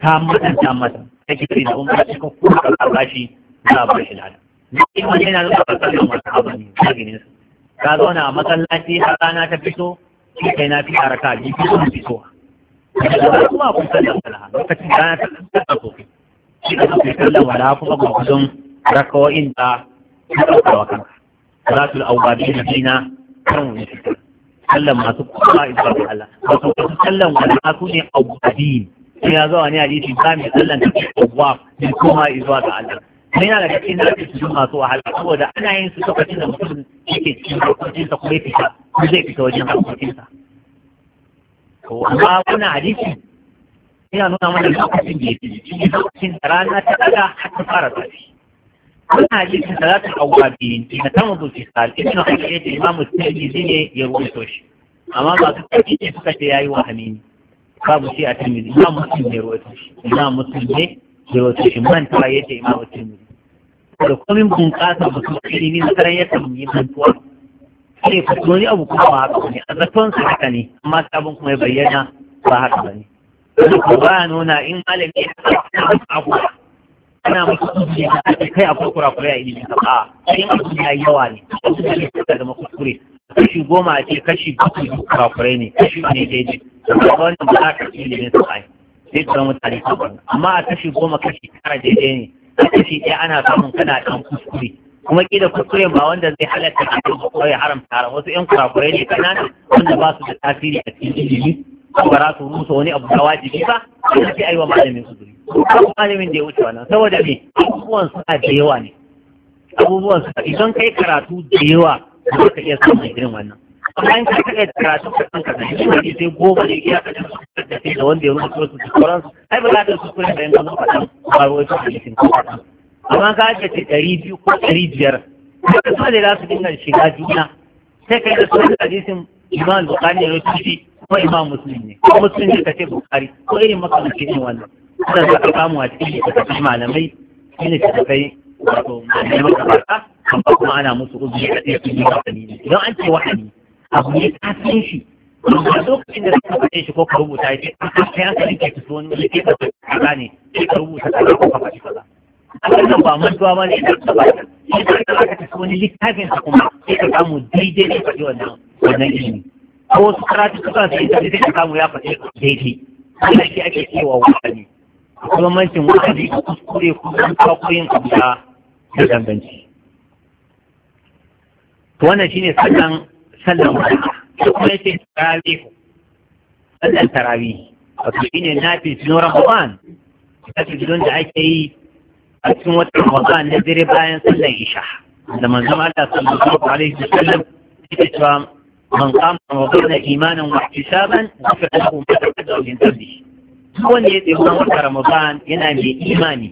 ta mata ta mata ta ke gari da umar cikakku da albashi za a bashi ladan Na'in wani yana zuwa fasalin wata abu ne, ta ginin su. Ka zauna a masallaci har rana ta fito, shi kai na fi haraka ji fi sun fitowa. Daga kuma kun sallan walaha, lokacin rana ta tsaka sosai. Shi ka sun sallan walaha kuma ba ku don rakawo'in da ta ɗauka wa kanka. Za su al'awwabi na jina kan wani fitar. Sallar masu kuma izuwa ga Allah. Wato, sallar walaha su ne abubuwa. Sai ya zuwa ne a jisi, ba mai sallan ta ke abubuwa, kuma izuwa ga Allah. yana daga cikin da ake cikin masu wahala saboda ana yin su lokacin da mutum yake cikin harkokinsa kuma ya fita ko zai fita wajen harkokinsa to amma wannan hadisi yana nuna mana lokacin da ya fi shi lokacin da rana ta daga har ta fara tashi wannan hadisin da za ta auwa biyin na ta mutu fi sal ibn hayyat imamu tirmidhi ne ya rubuto shi amma ba su kace ne suka ce yayi wahami ne babu shi a tirmidhi imamu muslim ne ya rubuto shi imamu muslim ne ya rubuto shi man ta yace imamu tirmidhi da kullum bunƙasa mutum ilimi makarar ya samu mantuwa sai ka wani abu kuma ba haka ne a zaton sa haka ne amma sabon kuma ya bayyana ba haka ba ne ko ba nuna in malami ya haka abu ana musu kuskure a kai akwai kurakurai a ilimin ka ba sai abu ya yi yawa ne wasu da ne suka zama kuskure kashi goma a ce kashi bakwai duk kurakurai ne kashi ne daidai saboda wannan ba za ka ilimin sa zai sai ka zama tarihi amma a kashi goma kashi tara daidai ne shi ɗaya ana samun kana kan kuskure kuma kila kuskure ba wanda zai halatta a cikin ko ya haramta wasu 'yan kurakurai ne kanana wanda ba su da tasiri a cikin ilimi ko ba za su rusa wani abu da wajibi ba sai sai aiwa malamin su duri ko malamin da ya wuce wannan saboda me abubuwan suna da yawa ne abubuwan su idan kai karatu da yawa ba ka iya samun irin wannan bayan ka kaɗa da karatu ka kanka da shi wani sai goma ne iya kaɗa da kai da wanda ya rubuta su da sauran su ai ba za ka su kuma da yanzu na faɗan ba ruwa su kuma shi amma ka ake ce ɗari biyu ko ɗari biyar haka su ne za su dinga shiga juna sai ka yi da su da hadisin imam bukari ya rubuta shi ko imam musulmi ne ko musulmi ne ka ce bukari ko irin makamancin ne wannan sai za ka samu a cikin littattafai malamai shi ne littattafai wato malamai makabata amma kuma ana musu uzuri a ɗaya wahani idan an ce wahani abu ne ka san shi amma lokacin da zaka faɗe shi ko ka rubuta shi a kai an sani ke tuso wani wani ke ka kaza ne sai ka rubuta kaza ko ka faɗi kaza wannan ba mantuwa ba ne idan ka ba shi ka ka ka tuso wani littafin sa kuma sai ka samu daidai ne faɗi wannan wannan ilimi ko wasu karatu suka sai ta sai ka samu ya faɗi daidai wannan shi ake cewa wani kuma mancin wani ka kuskure ko kuma ko yin abu da danganci to wannan shine sannan sallan wata da kuma yace tarawih sallan tarawih wato shine nafi cikin ramadan tafi gidan da ake yi a cikin wata ramadan na dare bayan sallan isha da manzon Allah sallallahu alaihi wasallam yake cewa man qama ramadan imanan wa ihtisaban ghafara lahu ma taqaddama min dhanbihi duk wanda ya tsaya wata ramadan yana mai imani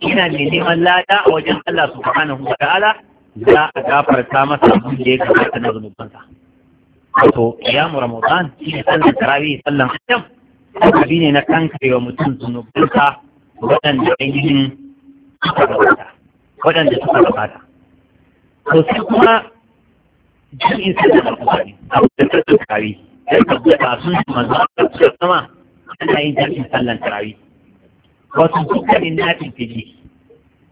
yana mai neman lada a wajen Allah subhanahu wa ta'ala za a gafarta masa abin da ya gabata na zunubansa wato ya ramadan shi ne sallan tarawih sallan hajjam sababi ne na kankarewa mutum zunubansa waɗanda ainihin suka gabata waɗanda suka gabata to sai kuma jami'in sallan alƙur'ani abu da sallan tarawih sai ka sun shi manzo a ƙarshen sama ana yin jami'in sallan tarawih wato dukkanin na fili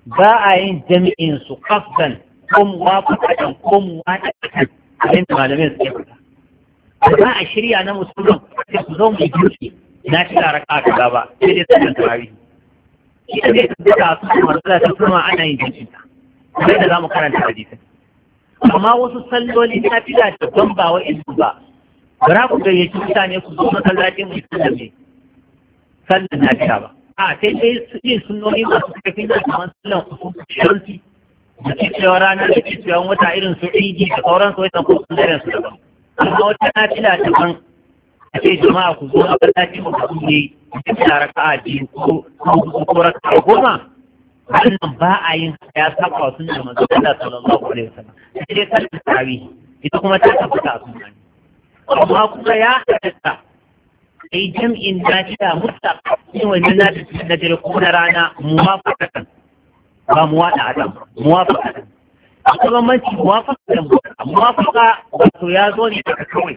ba a yin jami'in su kafdan ko muwafaqatan ko muwafaqatan abin da malamin suke faɗa za a shirya na musulun sai ku zo mu girki na ci raka kaza ba sai dai sallan tarawih ita zai tafi tabbata su manzala su kuma ana yin jinkin ta sai da mu karanta hadisi amma wasu salloli na fila da ban ba wa isu ba bara ku gayyaci mutane ku zo masallacin mai sallan ne sallan na fila ba a sai dai yin sunnoni masu kafin da kamar sallan usul sharti da cewa rana da kiciyar wata irin su idi da sauran su wata kusa da yansu daban amma wata na fila daban a ce jama'a ku zo a kallaci mu ku ne da fila raka'a biyu ko ko raka'a goma wannan ba a yin ya saba sun da manzo Allah sallallahu alaihi wasallam sai dai kan tawi ita kuma ta tabbata sun nan amma kuma ya halatta kai jam'in na ta mutta yin wannan na na dare ko na rana mu ma fatan ba mu waɗa adam muwafaka adam mu wafa muwafaka da muwaɗa muwafaka wato ya zo ne daga kawai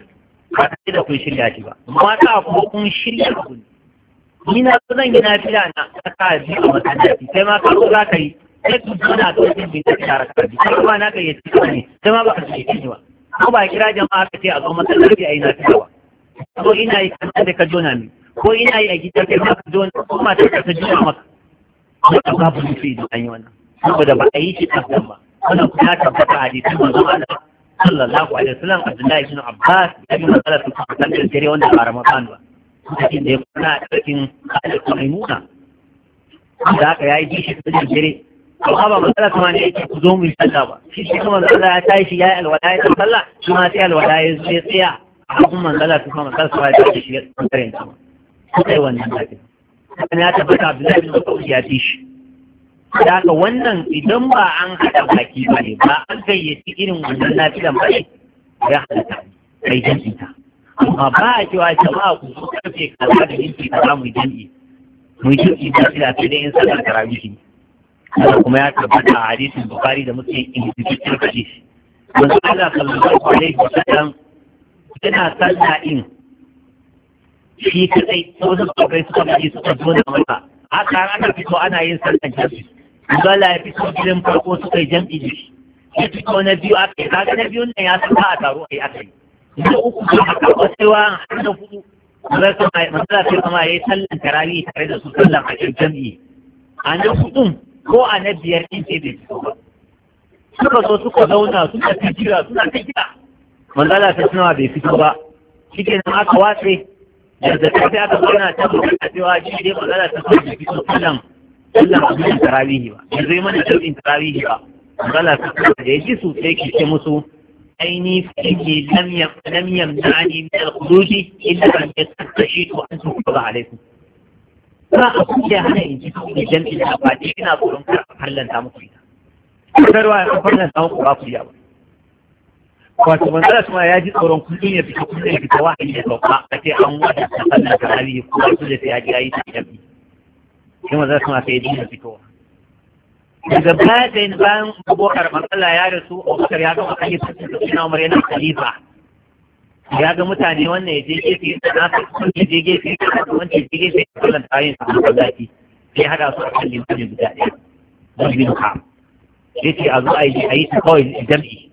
ba ta da kun shirya shi ba Mu a kuma kun shirya ku ne ni na so zan yi na fiya na kaka biyu a masallaci sai ma kawo za ka yi sai ku zana to jin bi ta tara ka bi sai kuma na ka yi ci ne sai ma ba ka shi ne ba ko ba kira jama'a ka ce a zo masallaci a yi na fiya ba ko ina yi kan da ka jona ni ko ina yi a gidan kai ma ka jona ko ma ta ka jona maka wata babu nufi idan an yi wannan saboda ba a yi shi ɗan ba wannan kuma ya tabbata a hadisin manzo Allah sallallahu alaihi wasallam Abdullahi ibn Abbas ya yi matsala su kan dare wanda ba Ramadan ba cikin da ya kuna a cikin alƙa mai da aka yayi shi cikin dare to ha ba matsala kuma ne yake ku zo mu yi sallah ba shi shi kuma ya tashi shi yayi alwala ya sallah Kuma sai alwala ya tsaya a kuma matsala kuma su ta shi ya tsare ta sai wannan lafiya hakan ya tabbata Abdullahi ya Mas'ud ya fi shi daga wannan idan ba an haɗa baki ba ne ba an gayyaci irin wannan lafiyan ba ne ya halatta kai ta. amma ba a cewa jama'a ku zo karfe kaza da minti kaza mu jam'i mu jam'i ba shi da sai da in sallar tarawih ne haka kuma ya tabbata a hadisin Bukhari da muke in cikin hadisi manzo Allah sallallahu alaihi wasallam yana sallah in shi kadai sai wasu sahabbai suka gaji suka zo da mata haka ana fito ana yin sallar jami'i Zala ya fito gidan farko suka yi jam'i da shi ya fito na biyu aka yi kaga na biyun nan ya san ba a taro a yi aka yi na uku ba a wasu yawa har da hudu masala sai kama ya yi sallan tarawih tare da su sallan a cikin jam'i a na hudun ko a na biyar ɗin sai bai fito ba suka zo suka zauna suna ta jira suna ta jira manzala ta tunawa bai fito ba shi ke nan aka watse yanzu ta sai aka zauna ta mutu a cewa shi dai magana ta kan jiki to sallan sallan abin tarawihi ba yanzu yi mana sauƙin tarawihi ba magana ta kan da ya ji su sai ki ce musu aini fiki lam yam lam yam dani min al-khuruji illa an yastashitu an tukaba alaikum ba a kuke hana in ji kuɗi jam'i da abadi ina tsoron kar a fallanta muku ita. Kusurwa ya fallanta muku ba ku yawa. wato manzara ma ya ji tsoron kullum ya fita kudin ya fita wahayi ya sauka a ce an wada ta sallar tarawih ko su da sai ya ji ayi ta shafi sai manzara ma sai ya fito. daga baya sai bayan abokar matsala ya rasu a wakar ya gama kan yi sassan da suna umar yana khalifa ya ga mutane wannan ya je gefe da su kun ya je gefe ya nasa wanda ya je gefe ya kallon tayin sa a masallaci sai haɗa su a kan limanin guda ɗaya don bin ka ya ce a zo a yi a yi ta kawai jam'i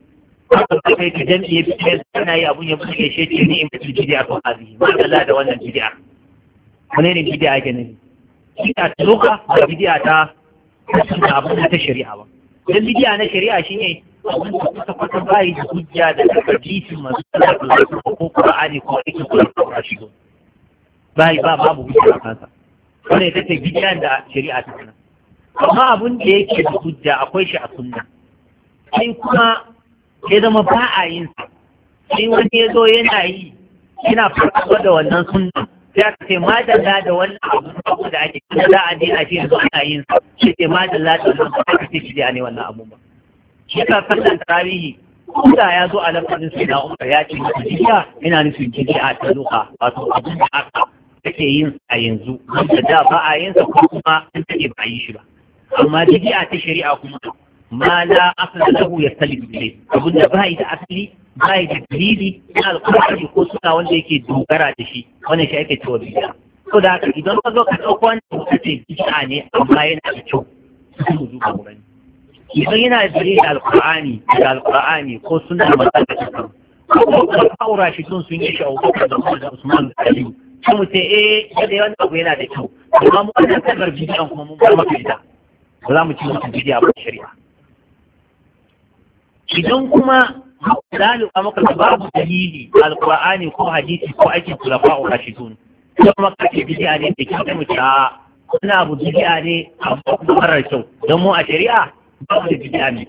haka ka kai ka jam'i ya fitar kana yi abun ya buɗe shi ce ni in ka ci bidiya ko hazi ba Allah da wannan bidiya wani ne bidiya ake nufi bidiya ta luka ba bidiya ta sunna abun ta shari'a ba dan bidiya na shari'a shine abun da kuka kwata bayi da hujja da hadisin masu sallallahu ko ƙura'ani ko aikin Qur'ani a shigo bayi ba babu hujja a kansa Wani ya ce bidiyan da shari'a ta sanar amma abun da yake da hujja akwai shi a sunna sai kuma ya zama ba a yin sa sai wani ya zo yana yi yana farko da wannan sunna Ya ce ma da wannan abu da ake kuma za a je a ce yanzu ana yin sa shi ce ma da wannan abu da ake shi ne wannan abu ba shi ka sallan tarihi kuma ya zo a lafazin su na umar ya ce jiya yana nufin jiki a ta luka wato abin da aka take yin a yanzu wanda da ba a yin sa kuma an take ba yi shi ba amma jiki a ta shari'a kuma Mana la asala lahu yastalibu ilayhi abin da bai da asali bai da dalili na alqur'ani ko suna wanda yake dogara da shi Wanda shi ake cewa bid'a to da haka idan ka zo ka dauko wani ka ce bid'a ne amma yana da kyau mu duba mu idan yana da dalili da alqur'ani da alqur'ani ko suna magana da kan ko ka aura shi sun sun yi shi a wuka da Usman Aliyu sai mu ce eh yadda wani abu yana da kyau amma mu wannan kalmar bid'a kuma mun bar maka ita ba za mu ci mutum bidiya ba shari'a idan kuma zalika maka babu dalili alqur'ani ko hadisi ko aikin kulafa'u rashidun idan kuma kake bid'a ne da kike mu ta wannan abu bid'a ne amma kuma marar kyau don mu a shari'a babu da bid'a ne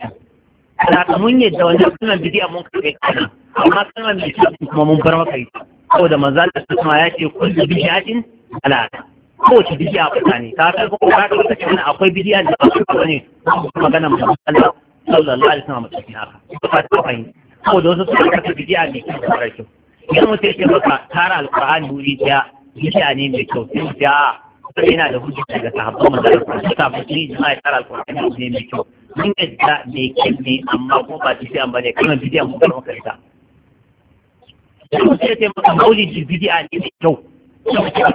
kana mun da wannan sunan bid'a mun kai kana amma kana mai kuma mun bar maka ita saboda manzo Allah kuma ya ce kullu bid'atin halal kowace bidiya a ne ta kai ko ka ta kace akwai bidiya da ba su bane magana mu Allah sallallahu alaihi wasallam mutum haka ba ta fahimta da wasu suka kasa bidiya mai kyau da kyau idan mutum ya ce maka tara alqur'ani wuri daya bidiya ne mai kyau sai mutum ya sai yana da hujja daga sahabban manzon Allah suka mutum jima'i tara alqur'ani wuri mai kyau mun yadda mai kyau ne amma ko ba bidiya ba ne kuma bidiya mu kar makarta sai mutum ya ce maka maulidi bidiya ne mai kyau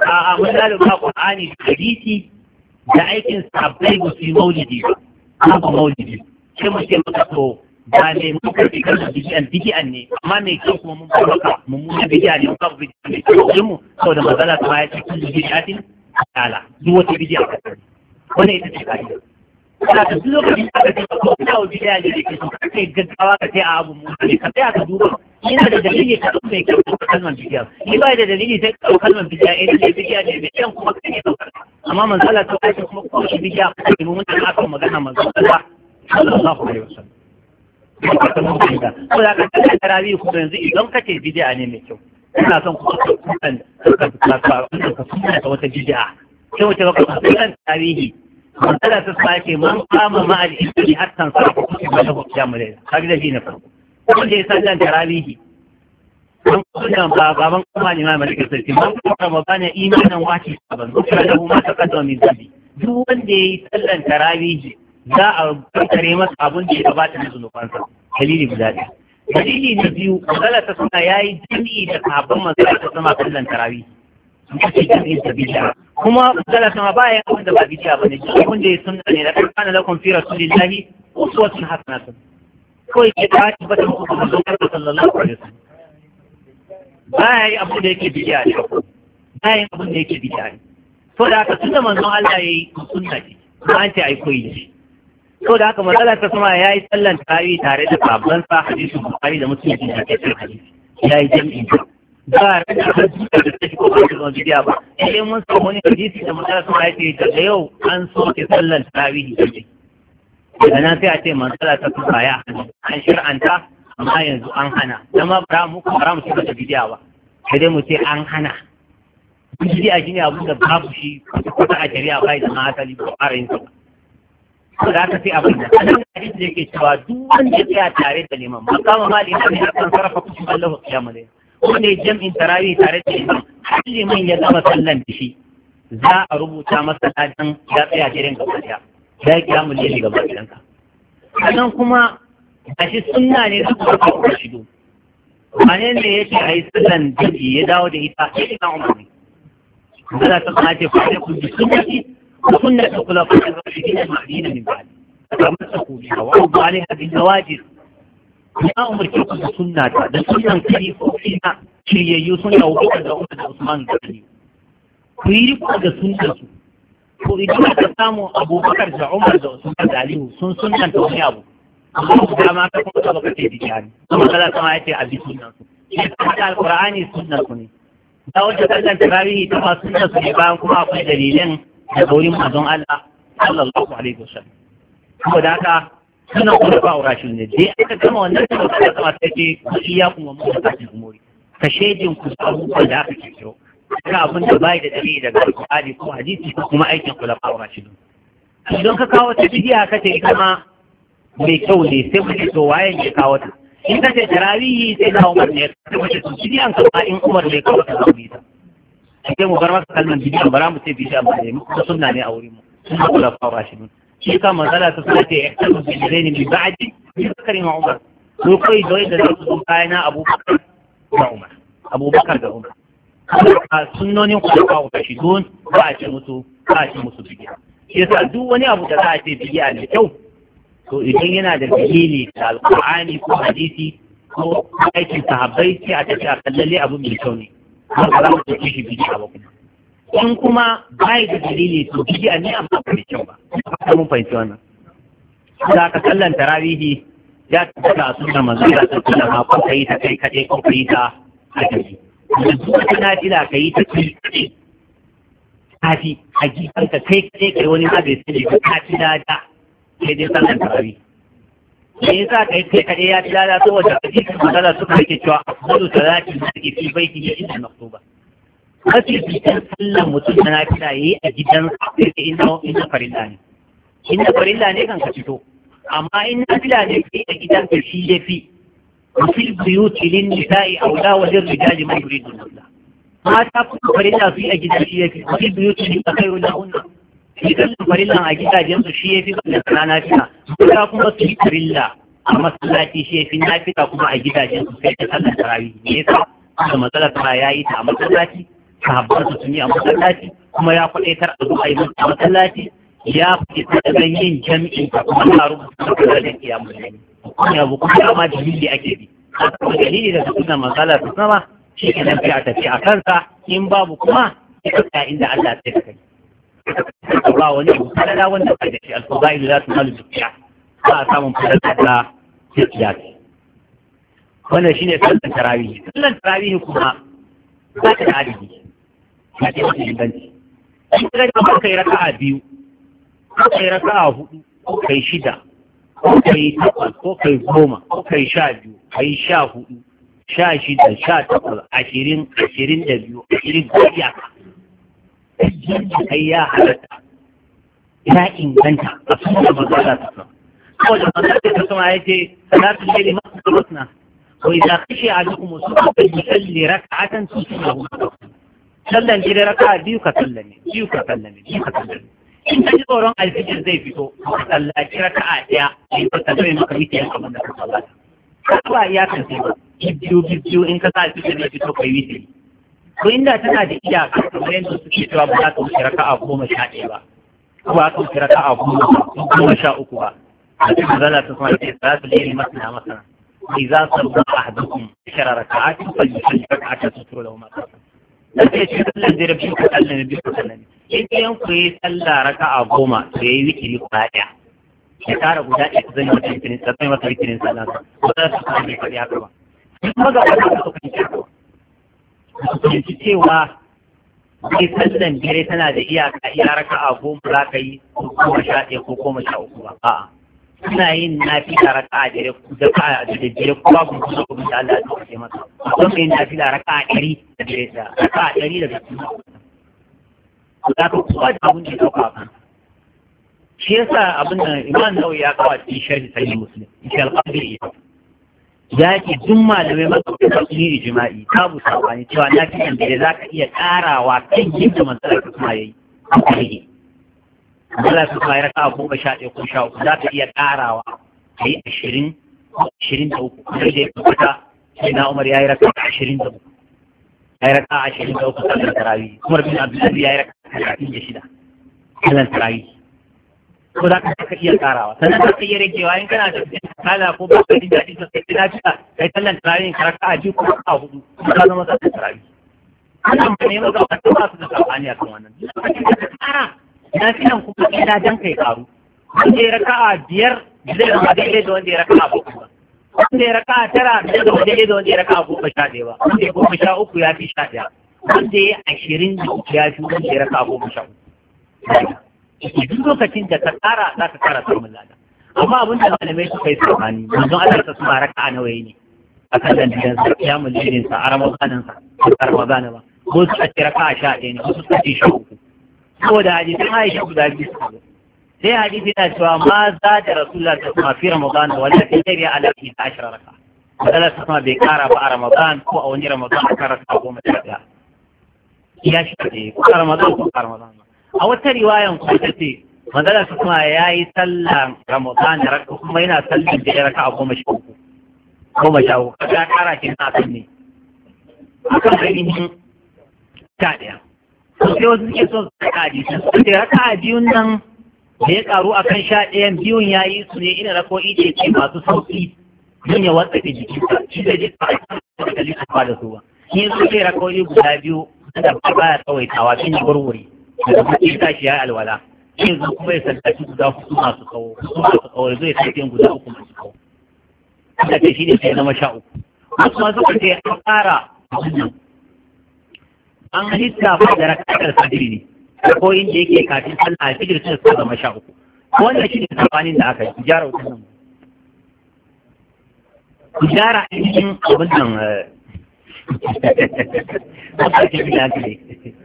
a'a mun lalata qur'ani hadisi da aikin sabbai musulmi maulidi ba ba maulidi sai mu ce maka to ba ne mun karbi kallon bidiyan bidiyan ne amma mai kyau kuma mun bar maka mummuna bidiya ne ba bidiya ne kyau mu da magana ta ya ce kullu bidiyatin ala duk wata bidiya ka ta. Wani ita ce ka'ida kana da duk lokacin da ka ce ko kawo bidiya ne da ke so ka kai gaggawa ka ce a abu mun ne ka tsaya ka duba ina da dalili ka ɗauka mai kyau ko kalmar bidiya ni ba da dalili sai ka ɗauka kalmar bidiya ina ne bidiya ne me? kyau kuma kai ne ɗauka amma manzala ta kuma ko shi bidiya ka ce mun ta aka magana manzala sallallahu alaihi wasallam ko da ka tsaya tarawih ko yanzu idan kake bid'a ne mai kyau ina son ku kan kan ka ka sunna ta wata bid'a sai wace ka kan tarihi matsala ta sake man kama ma al-ibadi hatta sa ke ba ta ya mure kaga da shi ne farko wanda ya sallan tarawih an kuma ba baban kuma ne ma mai malikin sarki man kuma ba ne imanin wace ban zuwa da mu ma ta kaddama min zabi duk wanda ya yi sallan tarawih za a kankare masa abin da ya gabata na zunubansa dalili guda ɗaya dalili na biyu magana ta suna ya yi jami'i da sahabban a ta sama kallon tarawi kace jami'in ta bidiya kuma magana sama ba ya abin da ba bishiya ba ne abin da ya suna ne da kana lakum fi na uswatun hasanatun kawai ke ta ci bata muku da zuwa sallallahu alaihi wasallam ba ya yi abin da yake bishiya ne ba ya yi abin da yake bishiya ne to da haka tunda manzon Allah ya yi sunna ce ba an ce ai koyi ne So da haka matsala ta sama ya yi sallan tarihi tare da sabon sa hadisin bukari da mutum yake da kasar hadisi ya yi jami'in ba a rage hajjita da shi ko ba zuwa bidiya ba sai mun samu wani hadisi da matsala sama ya ce daga yau an soke sallan tari da tare da nan sai a ce matsala ta sama ya an shir'anta amma yanzu an hana dama ba mu ko ba mu shiga bidiya ba sai dai mu ce an hana bidiya shine abin da babu shi kwata a shari'a bai da ma asali ba fara yin sa ko da aka sai abin da anan da yake cewa duk wanda ya tsaya tare da liman makama ma liman ne akan sarrafa kusur Allah ya male wanda ya jam'in tarawih tare da liman har liman ya zama sallan da za a rubuta masa ladan ya tsaya jirin gaba daya ya yi kira ga ne gaba ɗayanka sannan kuma a shi sunna ne duk da kuma shigo wane ne yake ce a yi sallan jiki ya dawo da ita sai ina umarni Allah ta kuma ce ku ne ku bi وسنة الخلفاء الراشدين المهديين من بعد تمسكوا بها وعضوا عليها بالنواجذ يا أمر كيف السنة ده سنة كريم فيها شريعي سنة وبيت الأمة عثمان الثاني كيرك ده سنة ko idan ka samu abubakar da umar da usman da aliyu sun sunanta wani abu amma da ma ka kuma ka kace dijani kuma kaza sama yace a bi su shi al alqur'ani sunna ku ne da ta sunna su ne kuma akwai dalilan daga wurin mazan Allah sallallahu alaihi wasallam kuma da haka suna kuma ba wa ne dai aka gama wannan da ta kama ta ce iya kuma mu da kafin umuri ka shejin ku abubuwan da aka kiro ka abin da bai da dalili daga al-qur'ani ko hadisi ko kuma aikin kulafa wa rashidun idan ka kawo ta bidiya ka ce ita ma mai kyau ne sai mu to waye ne kawo ta in ka ce tarawihi sai na umar ne sai mace to bidiyan ka ba in umar ne kawo ta zaune ta sai mu bar masa kalmar bidiyan bara mu ce bidiyan ba ne kuma sunna ne a wurin mu sun ba kula fawa shi mun shi ka manzala ta sunna ce ihtamu bi zaini bi ba'di bi bakari ma umar ko kai da wanda zai zo bayan abubakar da umar abubakar da umar a sunnonin kula fawa shi don ba a ce musu ba a ce musu bidiya shi yasa duk wani abu da za a ce bidiya ne kyau to idan yana da dalili da alqur'ani ko hadisi ko aikin sahabbai sai a tafi a kallalle abu mai kyau ne har ba za mu ɗauke shi bidi'a ba kuma in kuma bai da dalili to bidi'a ne amma ba mai kyau ba haka mun fahimci wannan za ka sallan tarawihi ya tafi a sunan manzon da ta tuna ma ko kai ta kai kaɗai ko kai ta a jiki yanzu wata na fila ka yi ta kai kaɗai kafi a gidanka kai kaɗai kai wani ma bai sani ba kafi da da sai dai sallan tarawihi da ya sa yi kai kare ya tilala saboda hadisi matsala suka rike cewa a kudu ta zaki da ke fi bai gidi inda na so ba. Kasi bitan sallan mutum na nafiya ya yi a gidan sa inda inda farilla ne. Inda farilla ne kan ka fito. Amma in nafiya ne fi a gidan ka shi ya fi. Mufil biyu tilin nisa'i a wula wajen rijali mai guri dunulla. Mata kuma farilla su yi a gidan shi ya fi. mafi biyu tilin ka kai wula wunan. shi da su farillan a gidajensu shi ya fi kwallon na fita kuma kuma su yi farilla a masallaci shi ya fi na fita kuma a gidajensu sai ta sallar tarawih me yasa da matsalar ta ya yi ta a masallaci sahabban su sun yi a masallaci kuma ya tar a zuwa yi a masallaci ya fi tsadagan yin jami'in ta kuma ta rubuta da da kiyamun ne ya bu kuma ma dalili ake bi kuma dalili da suna matsalar su sama shi ke nan fi a tafi a kansa in babu kuma ya inda Allah sai ka kai ba wani falala wanda ba da shi alfadail la tunalu biya ba a samun falala da ya ce wannan shine sallan tarawih sallan tarawih kuma ba ta da adadi ba ta da inganci in ka ga kai raka'a biyu ko kai raka'a hudu ko kai shida ko kai takwas ko kai goma ko kai sha biyu kai sha hudu sha shida sha takwas ashirin ashirin da biyu ashirin da iyaka yadda kai ya halatta ya inganta a sunan magana ta sama kawai da magana ta sama ya ce salatu laili masu rukna wa idza khashiya alaikum usufa fa yusalli rak'atan tusbihu sallan gida raka'a biyu ka sallame biyu ka sallame biyu ka sallame in ka ji tsoron alfijir zai fito ka sallaci raka'a daya sai ka sallame maka miki yan kamar da ka sa ka ba iyakan sai ba biyu biyu in ka sa alfijir zai fito kai witiri ko inda tana da iyaka kamar yadda suke cewa ba za ta wuce a goma sha ɗaya ba ko ba ka wuce a goma sha uku ba a cikin zala ta kuma ce za su lere na masana sai za su rubu a hadukun shara raka'a tun fayyukan raka'a ta su turo da umar da ce ce sallan zai rafi ko sallan biyu ko sallan in ɗayan ku yi sallah a goma to ya yi wikili guda ɗaya ya tara guda ɗaya ku zai mata wikilin sallah mata wikilin sallah ba za su kuma ne faɗi haka ba. su fahimci cewa bai sallan dare tana da iyaka iya raka a goma za ka yi ko goma sha ɗaya ko goma sha uku ba a'a suna yin fi da raka a dare da ka da dare ko babu kusa ko bisa Allah ya ce maka akwai mai fi da raka a ɗari da dare da raka a ɗari da bisu za ka kowa da abin da ya ɗauka ba shi yasa abin da Iman nau'i ya kawo cikin "Shari'a, sahih musulun!" insha Allah bai ya ke duk malamai masu da jima'i ta babu sabani cewa na fi da za ka iya karawa kan yadda masalar ka kuma yayi a rage masalar ka kuma ya raka goma sha ɗaya ko sha uku za ka iya karawa ka yi ashirin ashirin da uku kuma da ya fita sai na umar ya yi raka ashirin da uku ya yi raka ashirin da uku a tarawih umar bin abdullahi ya yi raka ashirin da shida sallar tarawih ko za ka iya karawa sannan za ka iya ragewa in kana da kala ko ba ka ji daɗi sosai ina cika kai tallan tarayin karaka a ji kuma a hudu ka zama za ka tarayi wannan ba ne maza ba ta ba su da sabani a kan wannan duk ka kara na fi nan kuma ina dan kai karu wanda ya a biyar zai zama daidai da wanda ya a bakwai wanda ya raka'a tara zai zama daidai da wanda ya a goma sha ɗaya ba wanda ya goma sha uku ya fi sha ɗaya wanda ya ashirin da uku ya fi wanda ya a goma sha uku duk lokacin da ta tsara za ta tsara samun lada amma abin da malamai suka yi sabani manzon Allah ta suna raka a nawayi ne a kan dandiyan sa ya mulkin sa a ramadanin sa a ramadanin ba ko su ce raka a sha ɗaya ne ko su ce shi uku saboda hadisin Aisha guda biyu su zo sai hadisi na cewa ma za da rasulullah ta suma fi ramadan wanda ta tabi ala fi ashra raka wala ta suma bai kara ba a ramadan ko a wani ramadan a kan raka goma sha ɗaya ya shi ɗaya ko a ramadan ko a ramadan ba a wata riwayan kuma ta ce manzala su kuma ya yi sallah ramadan da raka kuma yana sallar da ya raka a goma sha uku goma sha uku kaga kara shi na kan ne akan ainihin sha ɗaya to sai wasu suke son su raka a su ce raka a biyun nan da ya karu a kan sha ɗayan biyun ya yi su ne ina rako ice ce masu sauki Yin ya watsa da jikinsa shi da jikinsa a da su ba ni su ce rako'i guda biyu da ba ya tsawaitawa shi ne gurguri da kuɗi tashi ya alwala Shin zan kuma ya sallaci guda hudu masu kawo hudu masu kawo zai sake guda uku masu kawo da ke shi ne sai zama sha uku wasu masu kace an ƙara wannan an halitta ba da rakatar sadiri ne ko inda yake kafin sallah fajiri sun sa zama sha uku wannan shi ne tsabanin da aka yi gyara wutan nan gyara ainihin abin nan a ake gina ne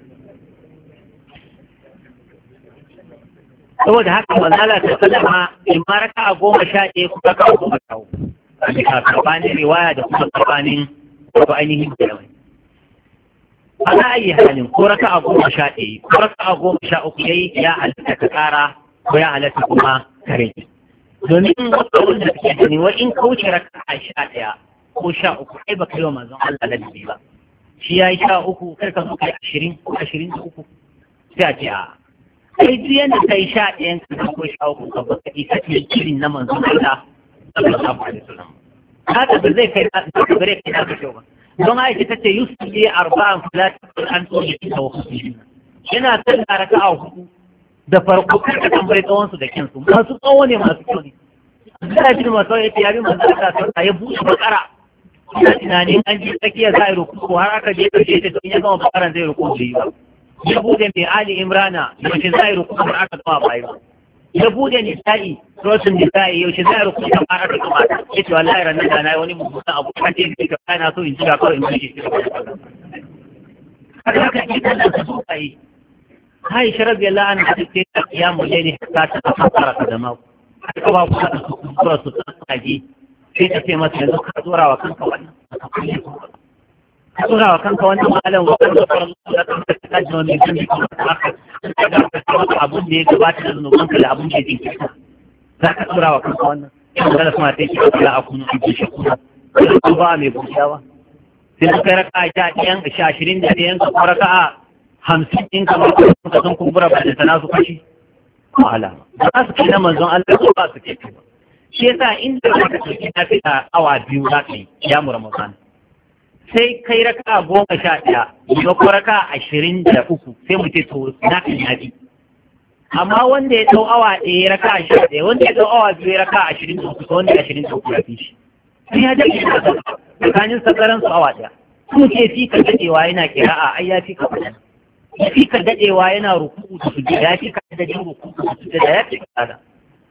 saboda haka manzala ta sallama in ma raka a goma sha ɗaya kuma ka goma sha hudu a bisa karbanin riwaya da kuma karbanin wato ainihin malamai ana ayi halin ko raka a goma sha ɗaya ko raka a goma sha uku yayi ya halatta ka tsara ko ya halatta kuma kare. rage domin wasu wanda suke gani wa in kauce raka a sha ɗaya ko sha uku ai ba kai wa manzon Allah ladabi ba shi ya yi sha uku kar ka zo ka yi ashirin ko ashirin da uku sai a ce a'a kai ji yadda kai sha ɗayan ka ga ko sha uku ka baka isa ke kirin na manzon Allah sallallahu alaihi wasallam haka ba zai kai da ka bare kai da kyau ba don Aisha tace yusalli arba'an fala taqul an tuli ta wasu yana sallah raka'a hudu da farko ka tambayi tsawon su da kansu masu tsawo ne masu kyau ne Allah ma masu ya tiyabi manzon Allah sallallahu alaihi ya buɗe bakara ina tunanin an ji tsakiya za a yi rukuku har aka je ƙarshe da ya gama bakaran zai rukuku da yi ba ya bude mai ali imrana yaushe za yi rukun da aka gama bayan ya bude nisa'i rosun nisa'i yaushe za yi rukun da aka gama ya ce wallahi ranar da na yi wani mummunan abu kan ce ga kana so in jira kawai in ji shi haka kan yi kallon su suka yi hai sharar da la'an da take da kiyamu ne ta ta fara kadama haka kuma ku da su su tsaki sai ta ce masa yanzu ka tsora wa kanka wannan ka tura wa kanka wani malam wa kanka farin da kanka ta kaji mai kan da kuma ta haka ka ga ka abun da ya gabata da zunuban ka da abun da ya jinki za ka tura wa kanka wannan kan da kuma ta yi kira a kuma a shi kuma ko ba mai bushewa sai ka kai raka ja ɗayan sha ashirin da ɗayan ka kuma raka hamsin ɗin ka ba ka sun kumbura ba da sana su fashi ko alama ba su kai na manzon Allah ko ba su kai ba shi yasa inda ka tafi na fita awa biyu za ka yi ya mura mutane sai kai raka goma sha ɗaya maimakon raka ashirin da uku sai mu ce to na kan yafi amma wanda ya ɗau awa ɗaya raka sha ɗaya wanda ya ɗau awa biyu raka ashirin da uku wanda ashirin da uku ya fi shi sun ya daɗe na sauka tsakanin sakaran su awa ɗaya kuma ce fi ka daɗewa yana kira'a ai ya fi ka faɗa ya fi ka daɗewa yana rukuku da sujjada ya fi ka daɗin rukuku da sujjada ya fi ka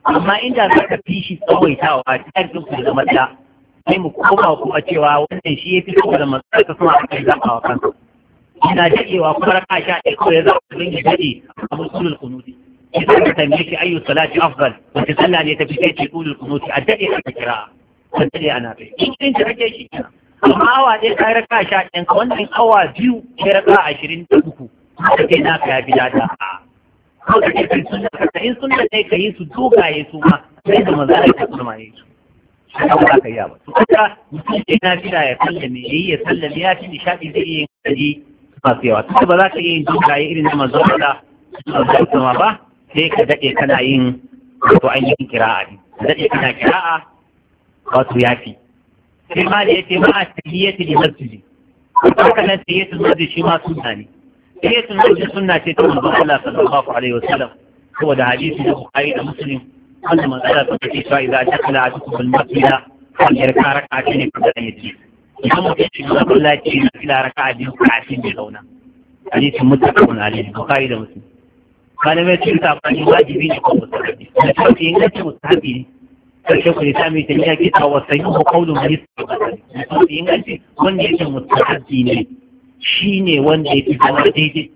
amma inda za ka fi shi tsawaitawa ta yankin ku da zama ɗaya sai mu koma a cewa wannan shi ya fi so da matsalar ta suna aka zaɓa wa kansa ina daɗewa kuma raka sha ɗaya kawai ya zaɓa don ya daɗe a musulul kunuti idan ka tambaye shi ayyu salati afdal wace sallah ne tafi kai ce kulul kunuti a daɗe a kira a daɗe ana kai in kin ta ake shi amma awa ɗaya ka raka sha ɗayan ka wannan awa biyu ya raka ashirin da uku ka kai naka ya bi dada ko da ke kan ka, in sunna ne ka yi su dogaye su ma sai da maza ta kuma yi su haka ba ka yi ba to kaga mutum ke na fila ya sallame Ya yi ya sallame ya ci nishadi zai yi yin kaji masu yawa tunda ba za ka iya yin dogaye irin na manzon Allah sallallahu ba sai ka daɗe kana yin wato ainihin kira'a ne daɗe kana kira'a wato yafi sai ma da yace ma tahiyyati li masjidi haka nan tahiyyatu masjid shi ma sunna ne tahiyyatu masjid sunna ce ta manzon Allah sallallahu alaihi wasallam saboda hadisi da Bukhari da Muslim wanda manzara ta ce cewa idan ta kala a cikin masjida kan yar kara kashi ne kuma ya ce idan mutum shi ga mallaci na fila raka a biyu kafin ya a hadisin mutakun alaihi bukhari da mai malamai sun sabani wajibi ne ko mutakun da tafi ingancin mutakun ne ce ku ne ta mai tafiya ke a wasan yi ko kaulun mai sabani ingancin wanda yake yi ne shi ne wanda yake zama daidai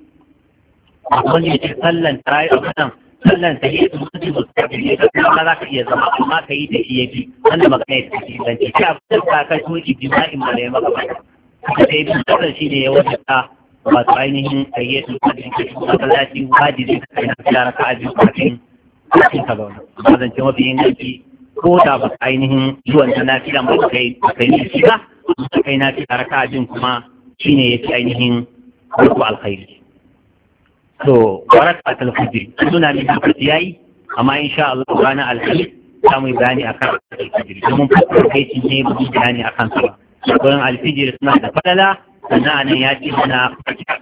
wanda yake sallan tarayi a sannan ta yi su mutu mutu ne ka kuma za ka iya zama amma ka yi da shi ya bi, wanda magana ya tafi ban ce ta fitar ka kai kuma ma ba da ya maka ba. ka ta yi bin sauran shi ne ya wata ta wato ainihin ka yi su mutu ne ka shi masallaci wajibi ka kai na fiya raka a biyu kafin ka zauna amma zan ce mafi inganci ko da ba ainihin zuwan ta nafiya ba ka kai ni shi ne shiga ka kai na raka a biyu kuma shine ya fi ainihin wato alkhairi to waraka ta fajiri suna min lokaci yayi amma in sha Allah ranar alhamis za mu yi bayani kan alfijiri domin fasar kai shi ne mu bayani a kan su gurin alfijiri suna da falala sannan a nan ya ce suna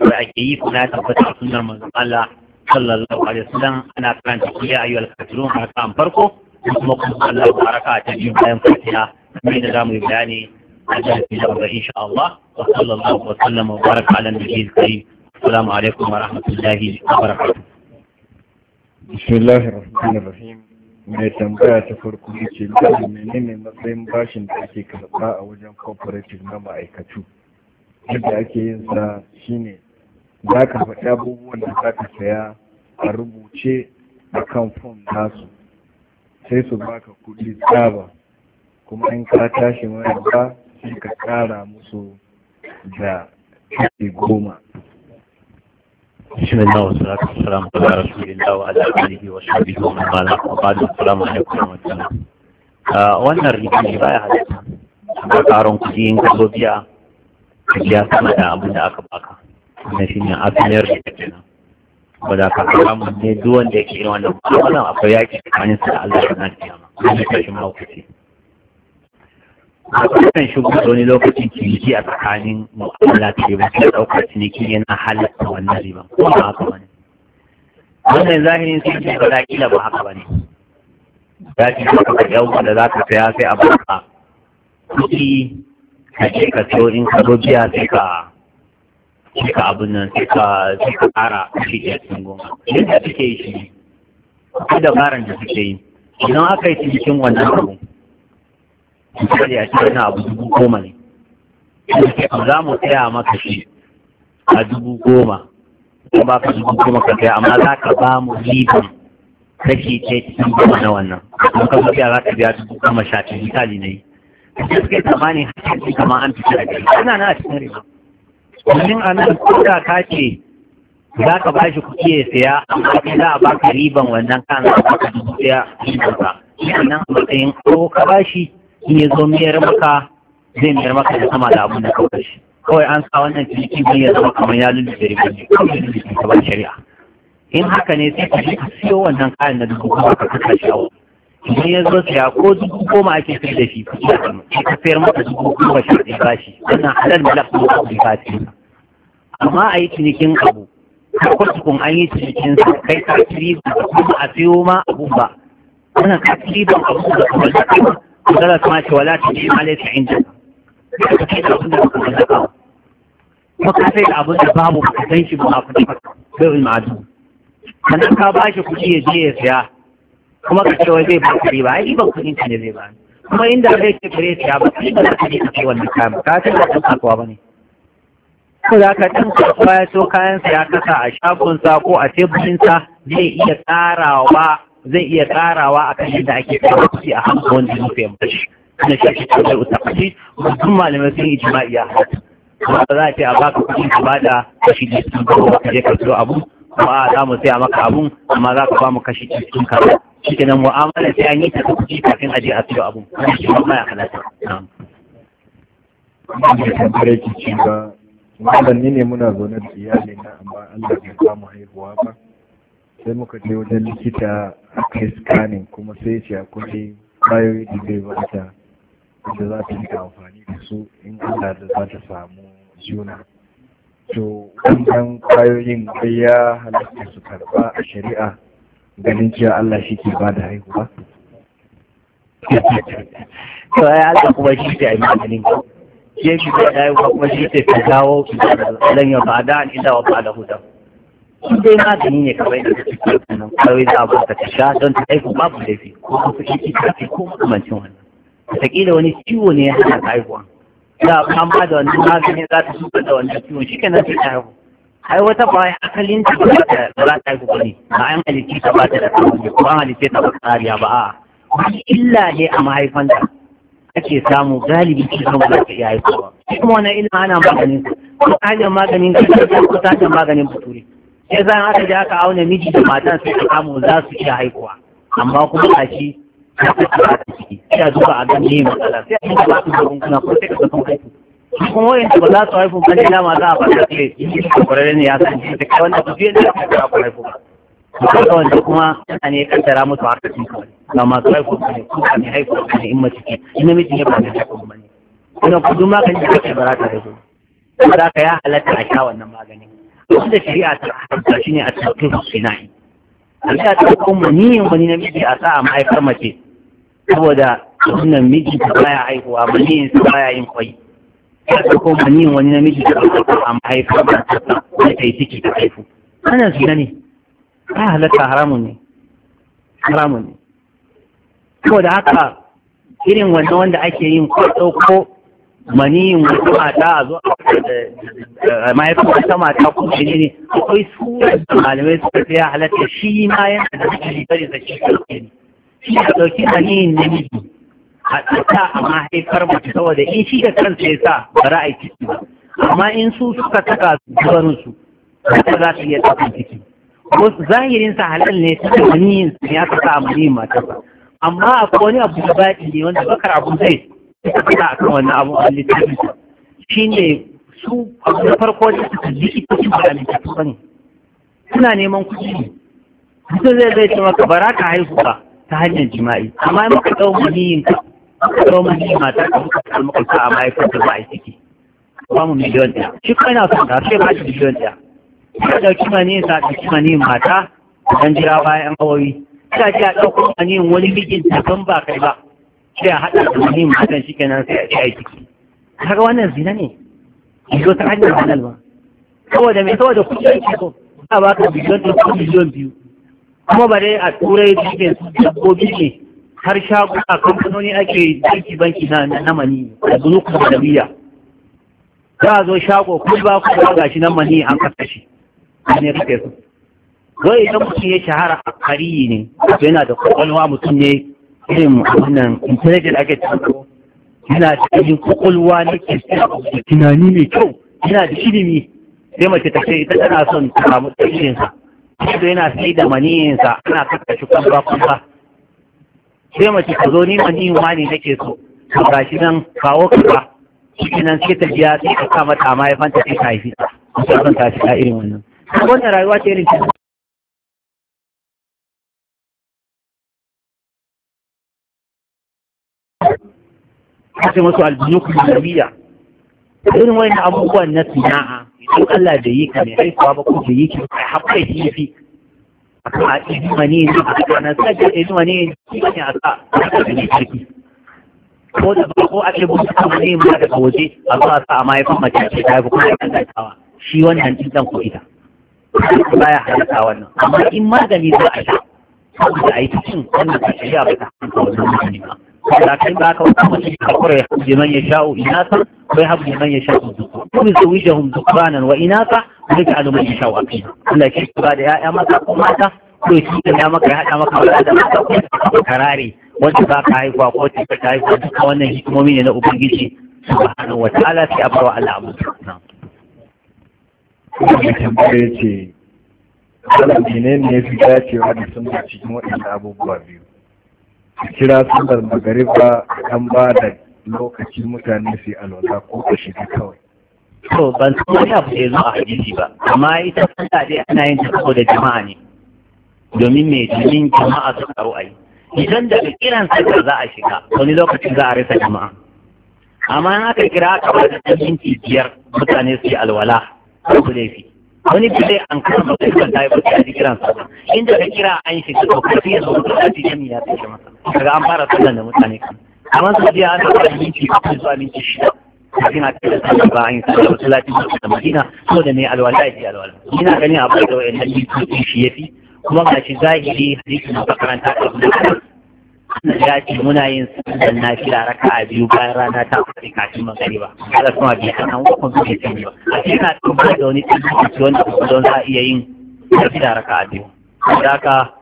da ake yi kuna tabbata a sunan manzon Allah sallallahu alaihi wasallam ana karanta ku ya ayyuhal kafirun a kan farko kuma kuma Allah baraka a biyu bayan fatiha kamar da mu yi bayani a cikin da insha Allah wa sallallahu wa sallama wa baraka ala nabiyil karim السلام عليكم ورحمة الله وبركاته بسم الله الرحمن الرحيم mai tambaya ta farko ne ce gani menene matsayin bashin da ake karɓa a wajen cooperative na ma'aikatu yadda ake yin sa shine za ka faɗi abubuwan da za ka saya a rubuce a kan fom nasu sai su baka kuɗi tsaba kuma in ka tashi mai ba sai ka ƙara musu da kashi goma بسم الله والصلاة والسلام على رسول الله وعلى آله وصحبه ومن والاه وبعد السلام عليكم ورحمة الله wannan riba baya halitta amma karon in ka zo biya ka biya sama da da aka baka wannan kenan wanda ka samu ne duk wanda yake wannan mu'amala akwai yaki tsakanin da Allah ranar kiyama wannan kashin kan shigo da wani lokacin ciniki a tsakanin mu'amala ta riba sai ɗaukar ciniki yana halatta wannan riban ko ba haka ba ne wannan zahirin sun ce ba kila ba haka ba ne ya ce ba ka yau da za ka saya sai a baka kuɗi ka je ka siyo in ka zo biya sai ka sai ka abin nan sai ka sai ka ƙara shi ɗaya cikin goma yadda suke yi shi da dabaran da suke yi idan aka yi cikin wannan abu ya a wani abu dubu goma ne za mu tsaya maka shi a dubu goma kuma ba ka dubu goma ka kai amma za ka ba mu riban kashi ce cikin goma na wannan kuma ka biya za ka biya dubu goma sha ta misali na yi da suke tsammani hakiki kamar an fita da gari ana na a cikin riba domin a nan da ka ce za ka ba shi kuɗi ya saya amma kai za a baka riban wannan kan za ka dubu ɗaya riban ka shi nan matsayin ko ka ba shi in ya zo miyar maka zai miyar maka da sama da abin da kawai shi kawai an sa wannan ciniki don ya zama kamar ya da riba ne kawai lullube ta ban shari'a in haka ne sai ka je ka siyo wannan kayan na dubu kuma ka kasa shi awo idan ya zo siya ko dubu goma ake kai da shi kuɗi a kanu sai ka sayar maka dubu goma shi ɗaya ba shi wannan halal malak ne ka bi kati amma a yi cinikin abu kwatukun an yi cinikin sa kai ka kiri ba kuma a siyo ma abu ba wannan ka ci riba abu da kuma ta Allah kuma ce wala ta ji malai ta inda ka kai da abin da ba ka ba kuma ka sai da abin da babu ba ka san shi ba ku da bai ma'adu sannan ka ba shi kuɗi ya je ya siya kuma ka ce wai zai ba ku riba ai ban kuɗin ka ne zai ba kuma inda zai ce kare siya ba kai ba za ka je ka kai wannan kayan ka san ba ɗan kasuwa ba ne ko da ka ɗan kasuwa ya so kayan sa ya kasa a shagonsa ko a teburinsa zai iya ƙarawa zai iya karawa a kan yadda ake tsarki a hamsa wanda ya mutu. mashi na shafi tsarki a tsarki mutum malamai sun yi jima'i a halatta ba za a ce a baka kuɗin ka bada kashi da sun kawo ka je ka siyo abu ba za mu saya maka abun amma za ka ba mu kashi da sun kawo shi kenan mu'amala sai an yi ta kuɗi kafin a je a siyo abu kuma shi ma ya halatta. Malam ne muna zaune da iyalina amma Allah bai samu haihuwa ba. sai muka je wajen likita kai scanning kuma sai ce akwai ƙwayoyi da zai bata da za ta yi amfani da su in Allah da za ta samu juna to wannan kwayoyin bai ya halatta su karɓa a shari'a ganin cewa Allah shi ke ba da haihuwa to ai Allah kuma shi ke maganin ke shi yi haihuwa kuma shi ke ta dawo lan ya ba'da an ila wa ba'da hudan in dai magani ne kawai da kake nan kawai za a baka ta sha don ta haihu babu laifi ko ka fi ciki ta ko makamancin wannan wataƙila wani ciwo ne ya hana haihuwa za a kama da wannan magani za ta suka da wannan ciwon shi kenan sai ta haihu ai wata ba asalin ta ba za ta haihu ba ne ba an halitta ta ba ta da kawai ba an halitta ta ba tsariya ba a'a wani illa ne a mahaifanta ake samu galibi shi kan ba ta iya haihuwa kuma wannan illa ana maganin ko ta hanyar maganin ko ta hanyar maganin bature sai zan aka ji aka auna miji da matan sai ka samu za su iya haihuwa amma kuma a shi sai a ciki, ya duba a gani matsala sai a duba ba su magunguna ko sai ka ga sun haihu kuma wayan ba za su haihu kan ina ma za a fara kai kwararren ne ya san shi da wanda ba zai da ka fara haihu ba kaga wanda kuma yana ne kaddara musu harkar cin kawai ga masu haihu ne ko ka ne haihu ne in mace ce in namiji ne ba ne haihu ba ne kuma kudu magani da kake ba za ta haihu ba za ka ya halatta a sha wannan maganin wanda shari'a ta haramta ne a cikin sinai Allah ta kuma niyyar wani namiji a sa a mahaifar mace saboda wannan miji ta baya haihuwa maniyin su baya yin kwai ya ta kuma niyyar wani namiji da ba a mahaifar mace ta ta yi ciki ta haifu wannan zina ne ta halatta haramun ne haramun ne saboda haka irin wannan wanda ake yin ko ɗauko maniyin wata mata a zo a mahaifin wata mata kuma ne ne akwai su da malamai suka ya halatta shi ma yana da hankali kare sa shi karfe ne shi a ɗauki maniyin namiji a tsaka a mahaifar mace saboda in shi da kansa ya sa ba za a yi ciki ba amma in su suka saka zubarinsu ba za su iya tsaka ciki zahirinsa halal ne ta maniyin ya saka a maniyin matarsa amma akwai wani abu da baɗi ne wanda bakar abu zai suka fita akan wannan abu a littafin shi ne su abu na farko da suka likitoci ba a littafi ba ne suna neman kuɗi ne mutum zai zai ce maka bara ka haihu ba ta hanyar jima'i amma in maka ɗau maniyin ka maka ɗau maniyin mata ka muka kalma kwalta a mahaifar da ba a yi ciki ba mu miliyon ɗaya shi kuma na son ka sai ba shi miliyon ɗaya ka ɗauki maniyin sa ɗauki maniyin mata dan jira bayan awowi ka ji a ɗauko maniyin wani bikin ta kan ba kai ba sai a haɗa da wani matan shi kenan sai a ce aiki. yi ciki kaga wannan zina ne zo ta hanyar halal ba saboda me saboda kuɗi ko so a baka biliyon ɗin ko biliyon biyu kuma ba dai a turai da ke dabbobi ne har shago a kamfanoni ake banki banki na na mani da gulu da biya za a zo shago ko ba ku ba gashi nan mani an kasa shi ne kake so zo idan mutum ya shahara a kariyi ne yana da kwakwalwa mutum ne irin wannan intelligent ake tanto yana da ilimin kwakwalwa na kirkira tunani mai kyau yana da ilimi sai mace ta sai ita tana son ta samu iliminsa ido yana sai da maniyinsa ana kakkashi kwamba kwamba sai mace ta zo ni maniyin wani nake so ga gashi nan kawo ka ba shi nan sai ta biya sai ka sa mata mahaifanta sai ta haifi ta musamman ta shiga irin wannan wannan rayuwa ce irin ake masu albino aljinu kulmiya irin wani abubuwan na sana'a idan Allah da yi ka mai haifuwa ba ko da yi ki a haɓɓai shi fi a kan a ilima ne yanzu a kan na sajin ilima ne yanzu, shi ne a sa a kan da ne sarki ko da ba ko ake bu sama ne ma daga waje a zuwa sa a mahaifin mace ce ta haifu kuma ya kankantawa shi wannan ɗin ɗan ko ita ba ya halatta wannan amma in magani za a sha saboda a yi cikin wannan kashiya ba ta hankali wannan magani ba لكن ذاك وقام الكفر لمن يشاء إناثا ويهب لمن يشاء maka karare. wanda ba ka haifa ko ce ka duka wannan hikimomi ne na ubangiji subhanahu wa ta'ala sai a barwa Allah abu ce, ne ne ya fi dacewa da sun cikin waɗanda abubuwa biyu. kira sallar magariba an ba da lokacin mutane su yi alwala ko ka shiga kawai So ban san wani abu da ya zo a hadisi ba amma ita sallah dai ana yin ta saboda jama'a ne domin me domin jama'a su karo yi. idan daga kiran sallar za a shiga wani lokacin za a rasa jama'a amma in aka kira aka ba da minti biyar mutane su yi alwala ko ku laifi wani bi zai an kan ba kan ta yi ba ta kiran sa inda da kira an shi ka ka fiye da wata ta cikin ya ta kama daga an fara sallan da mutane kan amma su biya an fara minti kafin zuwa minti shida kafin ta da sallan ba an yi sallan da lafiya da madina so da mai alwala ya ce alwala ina ganin abu da wa'annan minti shi ya fi kuma ga shi zahiri hadisi na makaranta da kuma ya ce muna yin sallar nafila raka a biyu bayan rana ta fadi kafin magariba kada kuma bi kana wa kun zuke kan ba a ce na kuma da wani tsari wanda kuma don za a iya yin nafila raka a biyu saboda ka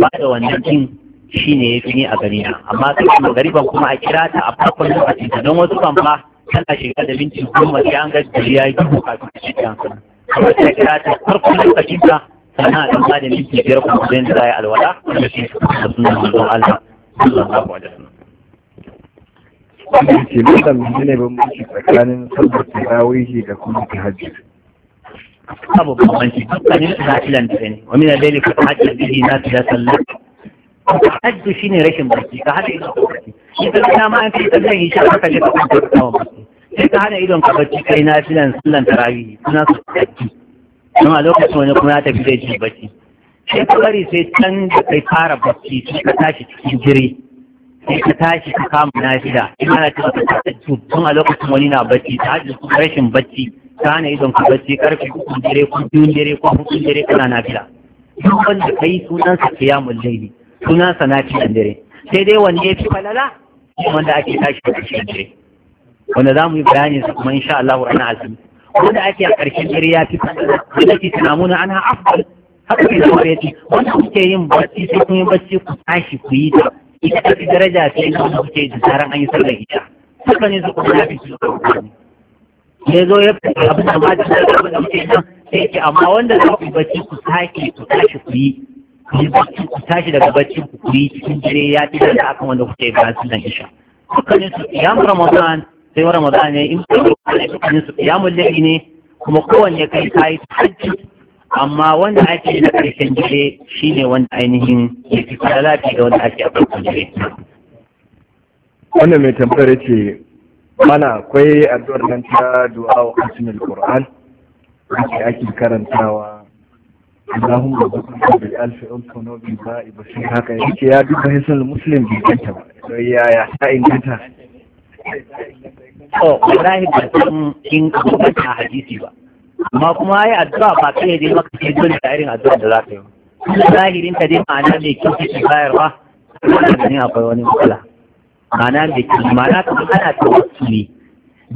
ba da wannan kin shine yafi ni a gani na amma kafin magariban kuma a kira ta a farkon da don wasu kan ba tana shiga da minti goma sai an ga gari ya yi Kuma kafin a cikin sana amma ta kira ta farkon lokaci ta sannan a ɗan ba da minti biyar kuma zai yi alwala wanda shi sunan manzon Allah sallallahu alaihi wasallam wannan ke nuna menene bambanci tsakanin sallar tarawihi da kuma tahajjud babu bambanci dukkanin su nafilan da ne wa min al-layli fa tahajjud bihi nafila sallah tahajjud ne rashin barci ka hada idon ka barci idan kana ma an fi sallar isha a kaje ka da ta kawo barci sai ka hada idon ka barci kai nafilan sallar tarawihi suna su tahajjud kuma a lokacin wani kuma ya tafi da shi barci sai ka bari sai can da kai fara bacci sai ka tashi cikin jiri sai ka tashi ka kama shida ina na cewa ka tashi tun a lokacin wani na bacci ta hajji rashin bacci ta hana idon ka bacci karfe uku dare ko biyu dare ko hukun dare kana shida duk wanda kai sunansa sunan sa sunansa cikin dare sai dai wanne ya fi falala wanda ake tashi da cikin dare wanda za mu yi bayanin su kuma insha Allah wa ranar azumi wanda ake a ƙarshen dare ya fi falala wanda ke tunamuna ana afdal haka bai zama ya ce wanda kuke yin bacci sai kun yi bacci ku tashi ku yi ta ita ta fi daraja sai na wanda kuke da zaran an yi sallar isha haka ne su kuma fi su ya zo ya fi abin da ma da abin da kuke nan sai ce amma wanda za ku bacci ku tashi ku tashi ku yi ku yi bacci ku tashi daga bacci ku yi cikin dare ya fi daraja akan wanda kuke bayan sallar isha haka ne su kiyamun ramadan sai wa ramadan ne in kuma su kiyamun laifi ne kuma kowanne kai kayi hajji amma wanda ake na ƙarshen jire shi ne wanda ainihin ya fi lafi da wanda ake a farkon jire. Wannan mai tambayar ce mana akwai addu'ar nan ta du'a wa asmil Qur'an wacce ake karantawa Allahumma da bi alfi ulfa no bi ba'i bashin haka yake ya duba hisan muslim bi kanta ba ya yaya ta inganta. Oh, wallahi ba in ka ta hadisi ba. amma kuma yi addu'a ba ka yi je maka sai dole da irin addu'a da za ka yi zahirin ta dai ma'ana mai kyau ce bayarwa wannan ganin akwai wani matsala ma'ana mai kyau ma'ana kamar ana ne.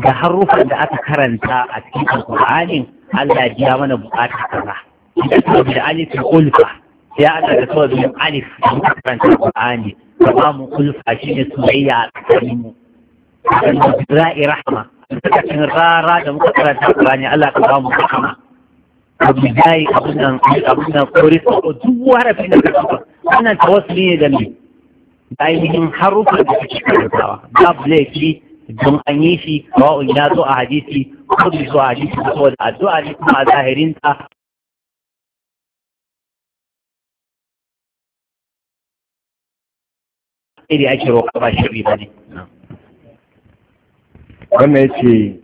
da haruffan da aka karanta a cikin alƙur'anin Allah ya biya mana bukata kaza idan ka bi da alif da ulfa sai ana ka tawa bin alif da muka karanta alƙur'ani ka ba mu ulfa shine soyayya a tsakanin mu kan zai rahama lokacin rara da muka karanta Qur'ani Allah ka ba mu hikima abu dai abun nan abun nan kore ko duk harafin da kake wannan tawassuli ne da ni ainihin harufan da kake karantawa babu laifi don an yi shi wa'un ya zo a hadisi ko bai zo a hadisi ko da addu'a ne kuma a zahirin ta sai ake roƙa ba shiri ba ne. wanda ya ce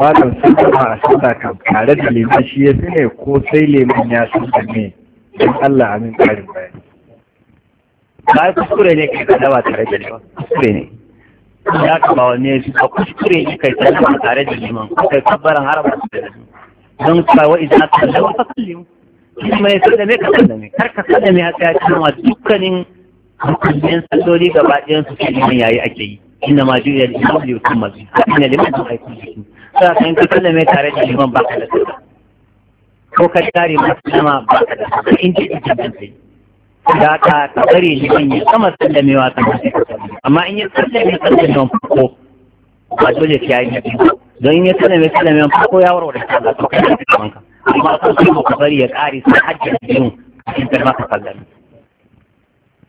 malam sun zama a sallah kan tare da liman shi ya fi ne ko sai lemun ya san zame don Allah amin karin bayan. ba kuskure ne kai kada ba tare da liman kuskure ne ya kama ya su ka kuskure ne kai kada ba tare da liman kai kabbaran harama da liman don ka wa idan ka da wata kallin kuma sai da me ka sada me kar ka sada me ya tsaya cewa dukkanin dukkanin salloli gaba ɗayan su ke neman yayi ake yi إنما جئ ju'i ليتم به فإن لمن هو inna liman ma yakun sai kan ka tare da liman ba ka da sallah ko ka tare ba ka da sallah in yi tabbatin sai da ka ka ya sama sallamewa kan amma in ya sallame sallamewa ko ba dole ya yi biyu. don in ya sallame sallamewa ko ya warware sallah to kai ka amma sai bari ya kare sai hajji in ka sallame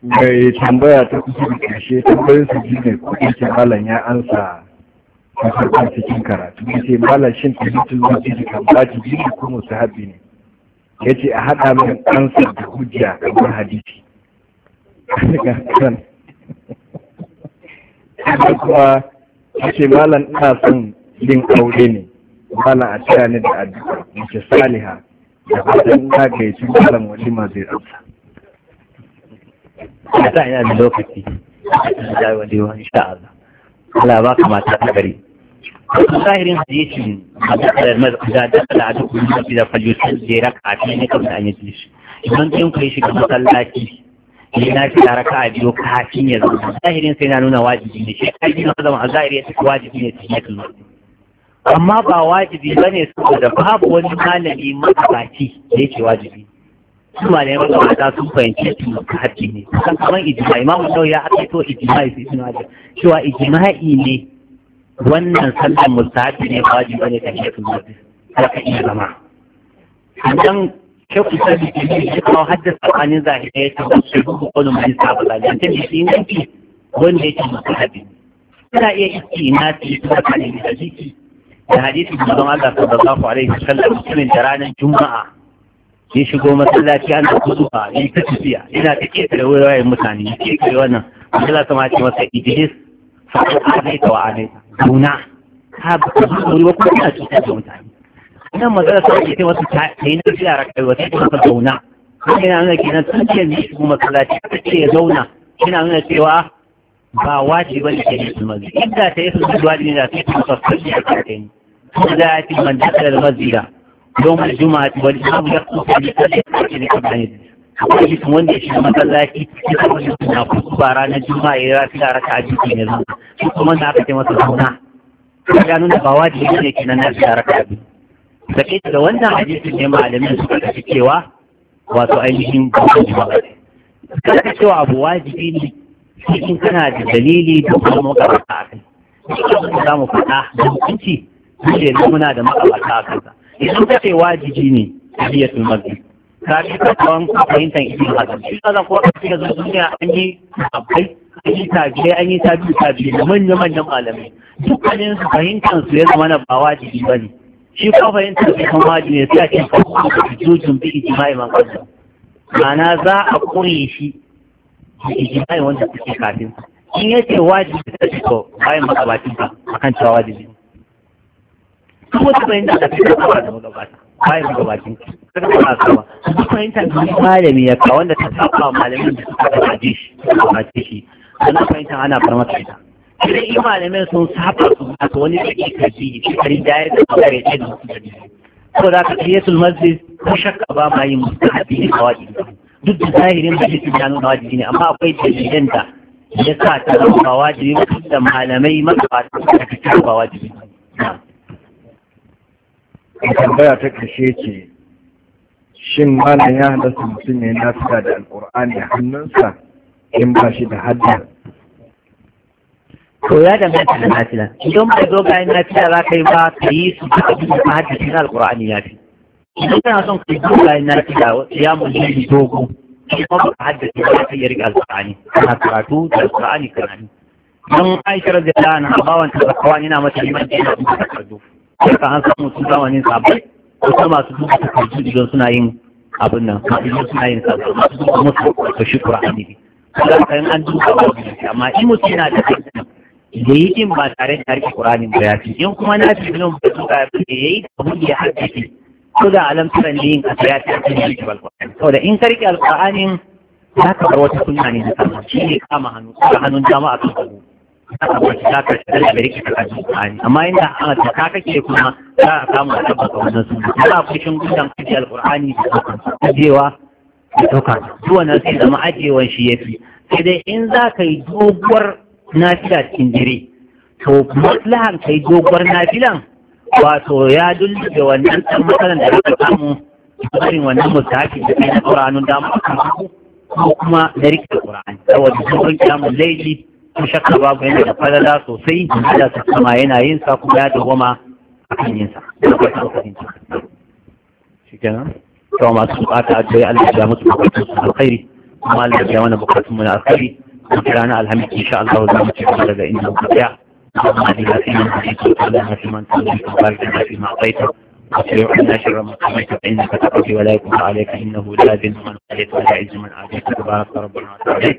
mai tambaya ta kusa da ƙarshe tambayar su ji ne kuɗin ke malam ya ansa a farkon cikin karatu ya ce malam shin tabitul masjid kan baji biyu da kuma sahabi ne ya ce a haɗa min ansa da hujja kamar hadisi da kuma ya ce malam ina son yin aure ne malam a tsaya ni da addu'a mace saliha da fatan ina gaici malam walima zai amsa Na sa ina da lokaci da wani wani insha Allah ba mata ta gari zahirin hadisin a dakalar da dakala a duk wani mafi da falusar jera kafin ne kamar an yi shi. idan kin kai shiga masallaci ne na fi raka a ka kafin ya zama zahirin sai na nuna wajibi ne shi yi na zama a zahiri ya wajibi ne cikin yakin amma ba wajibi ba ne saboda babu wani malami matsakaci da yake wajibi kuma da yawan gabata sun fahimci su haɗi ne kan kamar ijma'i ma mun ya haɗe to ijma'i su suna da cewa ijma'i ne wannan sallan mustahabi ne ba wajibi ne kan shekul mutum haka iya zama sannan ke shekul sabi ke ne shi kawo haddasa tsakanin zahirai ya ce ba su rubu kwallon mai sabu zahiri ta ne shi ne wanda yake mustahabi tana iya iski ina ce suna kanin da jiki da hadisi da zama Allah sallallahu shi kallon mutumin da ranar juma'a ya shigo masallaci an tafi ba ya ta tafiya ina ta ƙetare wayoyin mutane ya ƙetare wannan Allah sama ce masa Idris fa ta wa alaika duna ka ba ka wuri ba kuma ina cutar da mutane Wannan magana ta ce wasu ta yi na a rakai wata ta ta zauna kuma yana nuna kenan ta ce ne shigo masallaci ta ce ya zauna yana nuna cewa ba wajibi bane ke yin mazi inda ta yi su zuwa ne da ta yi ta sassan da ta yi kuma da ya fi man da ta da mazira يوم الجمعة والإمام يخطب بكل حاجة قبل akwai jikin wanda ya shiga masallaci ya karɓi jikin na kusurwa ranar juma'a ya rafi da raka a jikin ya zama shi kuma na aka ce masa suna ya gano da ba wajibi ne kenan na fi da raka a biyu sake da wannan hadisin ne malamin suka tafi cewa wato ainihin babban juma'a kada ka cewa abu wajibi ne sai kana da dalili da kuma makabata a kai shi abin za mu faɗa da hukunci dole ne muna da makabata a kansa idan ka ce wajibi ne tahiyatul masjid ka ji ka kawan fahimtar ibn hazm shi kaza ko a cikin duniya an yi abai an yi tabi'ai an yi tabi'u tabi'u da manya manyan malamai dukkanin su fahimtar su ya zama na ba wajibi ba ne shi kuma fahimtar su kan wajibi ne sai a ce farko da jujun bi ijma'i man kanta ma'ana za a kure shi da ijma'i wanda suke kafin in yace wajibi ta ce to bayan makabatin a kan cewa wajibi duk wata fahimta da ta kawo da magabata bayan magabatin ta kawo a sama duk fahimta da wani malami ya ka, wanda ta saba malamin da suka gabaje shi gabaje shi sannan fahimta ana farmata ita idan yi malamin sun saba su ta wani da ke kaji shi kari dayar da kawai ya ce da su da biyu ko da ka ce sul masjid ko shakka ba ma musu mustahabi ne a wajibi duk da zahirin da shi ya nuna wajibi ne amma akwai dalilan da ya sa ta zama wajibi da malamai magabata suka fitar ba wajibi ne a tambaya ta kashe ce shin malam ya halasta mutum ya nafiya da alƙur'ani a hannunsa in ba shi da hadda to ya mata da nafila idan ba zo bayan nafila za ka yi ba ka yi su da abin da hadda shi na alƙur'ani ya fi idan kana son ka zo bayan nafila ya mun yi dogo ma ba ka hadda shi ba ka yi riƙe alkur'ani kana karatu da alkur'ani kana ni don da ta na bawanta da kawai ina mata liman jina ina da takardu haka an samu sun zamanin sabai wasu masu duba takardu idan suna yin abin nan idan suna yin sabai masu duba musu ka shi ƙura'ani kuma kan an duba ba biyu amma in mutum yana da aiki da yi ba tare da harki ƙur'ani ba ya fi in kuma na fi nan ba duka da fi ya yi abin da ya ko da alamtaran da yin ƙasa ya fi a cikin harki alƙur'ani da in karki alƙur'anin za ka bar wata sunna ne da kama shi ne kama hannu kama hannun jama'a kan hannu abuwaci za ka shi da rike ka kaji Qur'ani amma inda da ka kake kuma za a kama a tabbata wannan sunna kuma fushin gudan kaji alqur'ani da ajewa da dauka zuwa na sai zama ajewan shi ya fi. sai dai in za ka yi doguwar nafila cikin jire to maslahan ka yi doguwar nafilan wato ya dullube wannan ɗan matsalan da aka samu irin wannan musafi da kai na ƙuranun damar kan ko kuma na rike da ƙura'ani saboda sun kyamun laifi ko shakka babu yana da falala sosai da ta sama yana yin sa kuma ya dawoma a kan yin sa shi kenan to masu bukata addu'ai Allah ya musu bukatun su alkhairi kuma Allah ya mana bukatun mu na alkhairi وكان الحمد إن شاء الله لا متفرد إنه قطع اللهم أهدنا فيمن هديت وتولنا فيمن توليت وبارك فيما أعطيت واتبع عنا شر ما قضيت فإنك تقضي ولا يكون عليك إنه لا ذل من قضيت ولا عز من عاديت تبارك ربنا وتعالى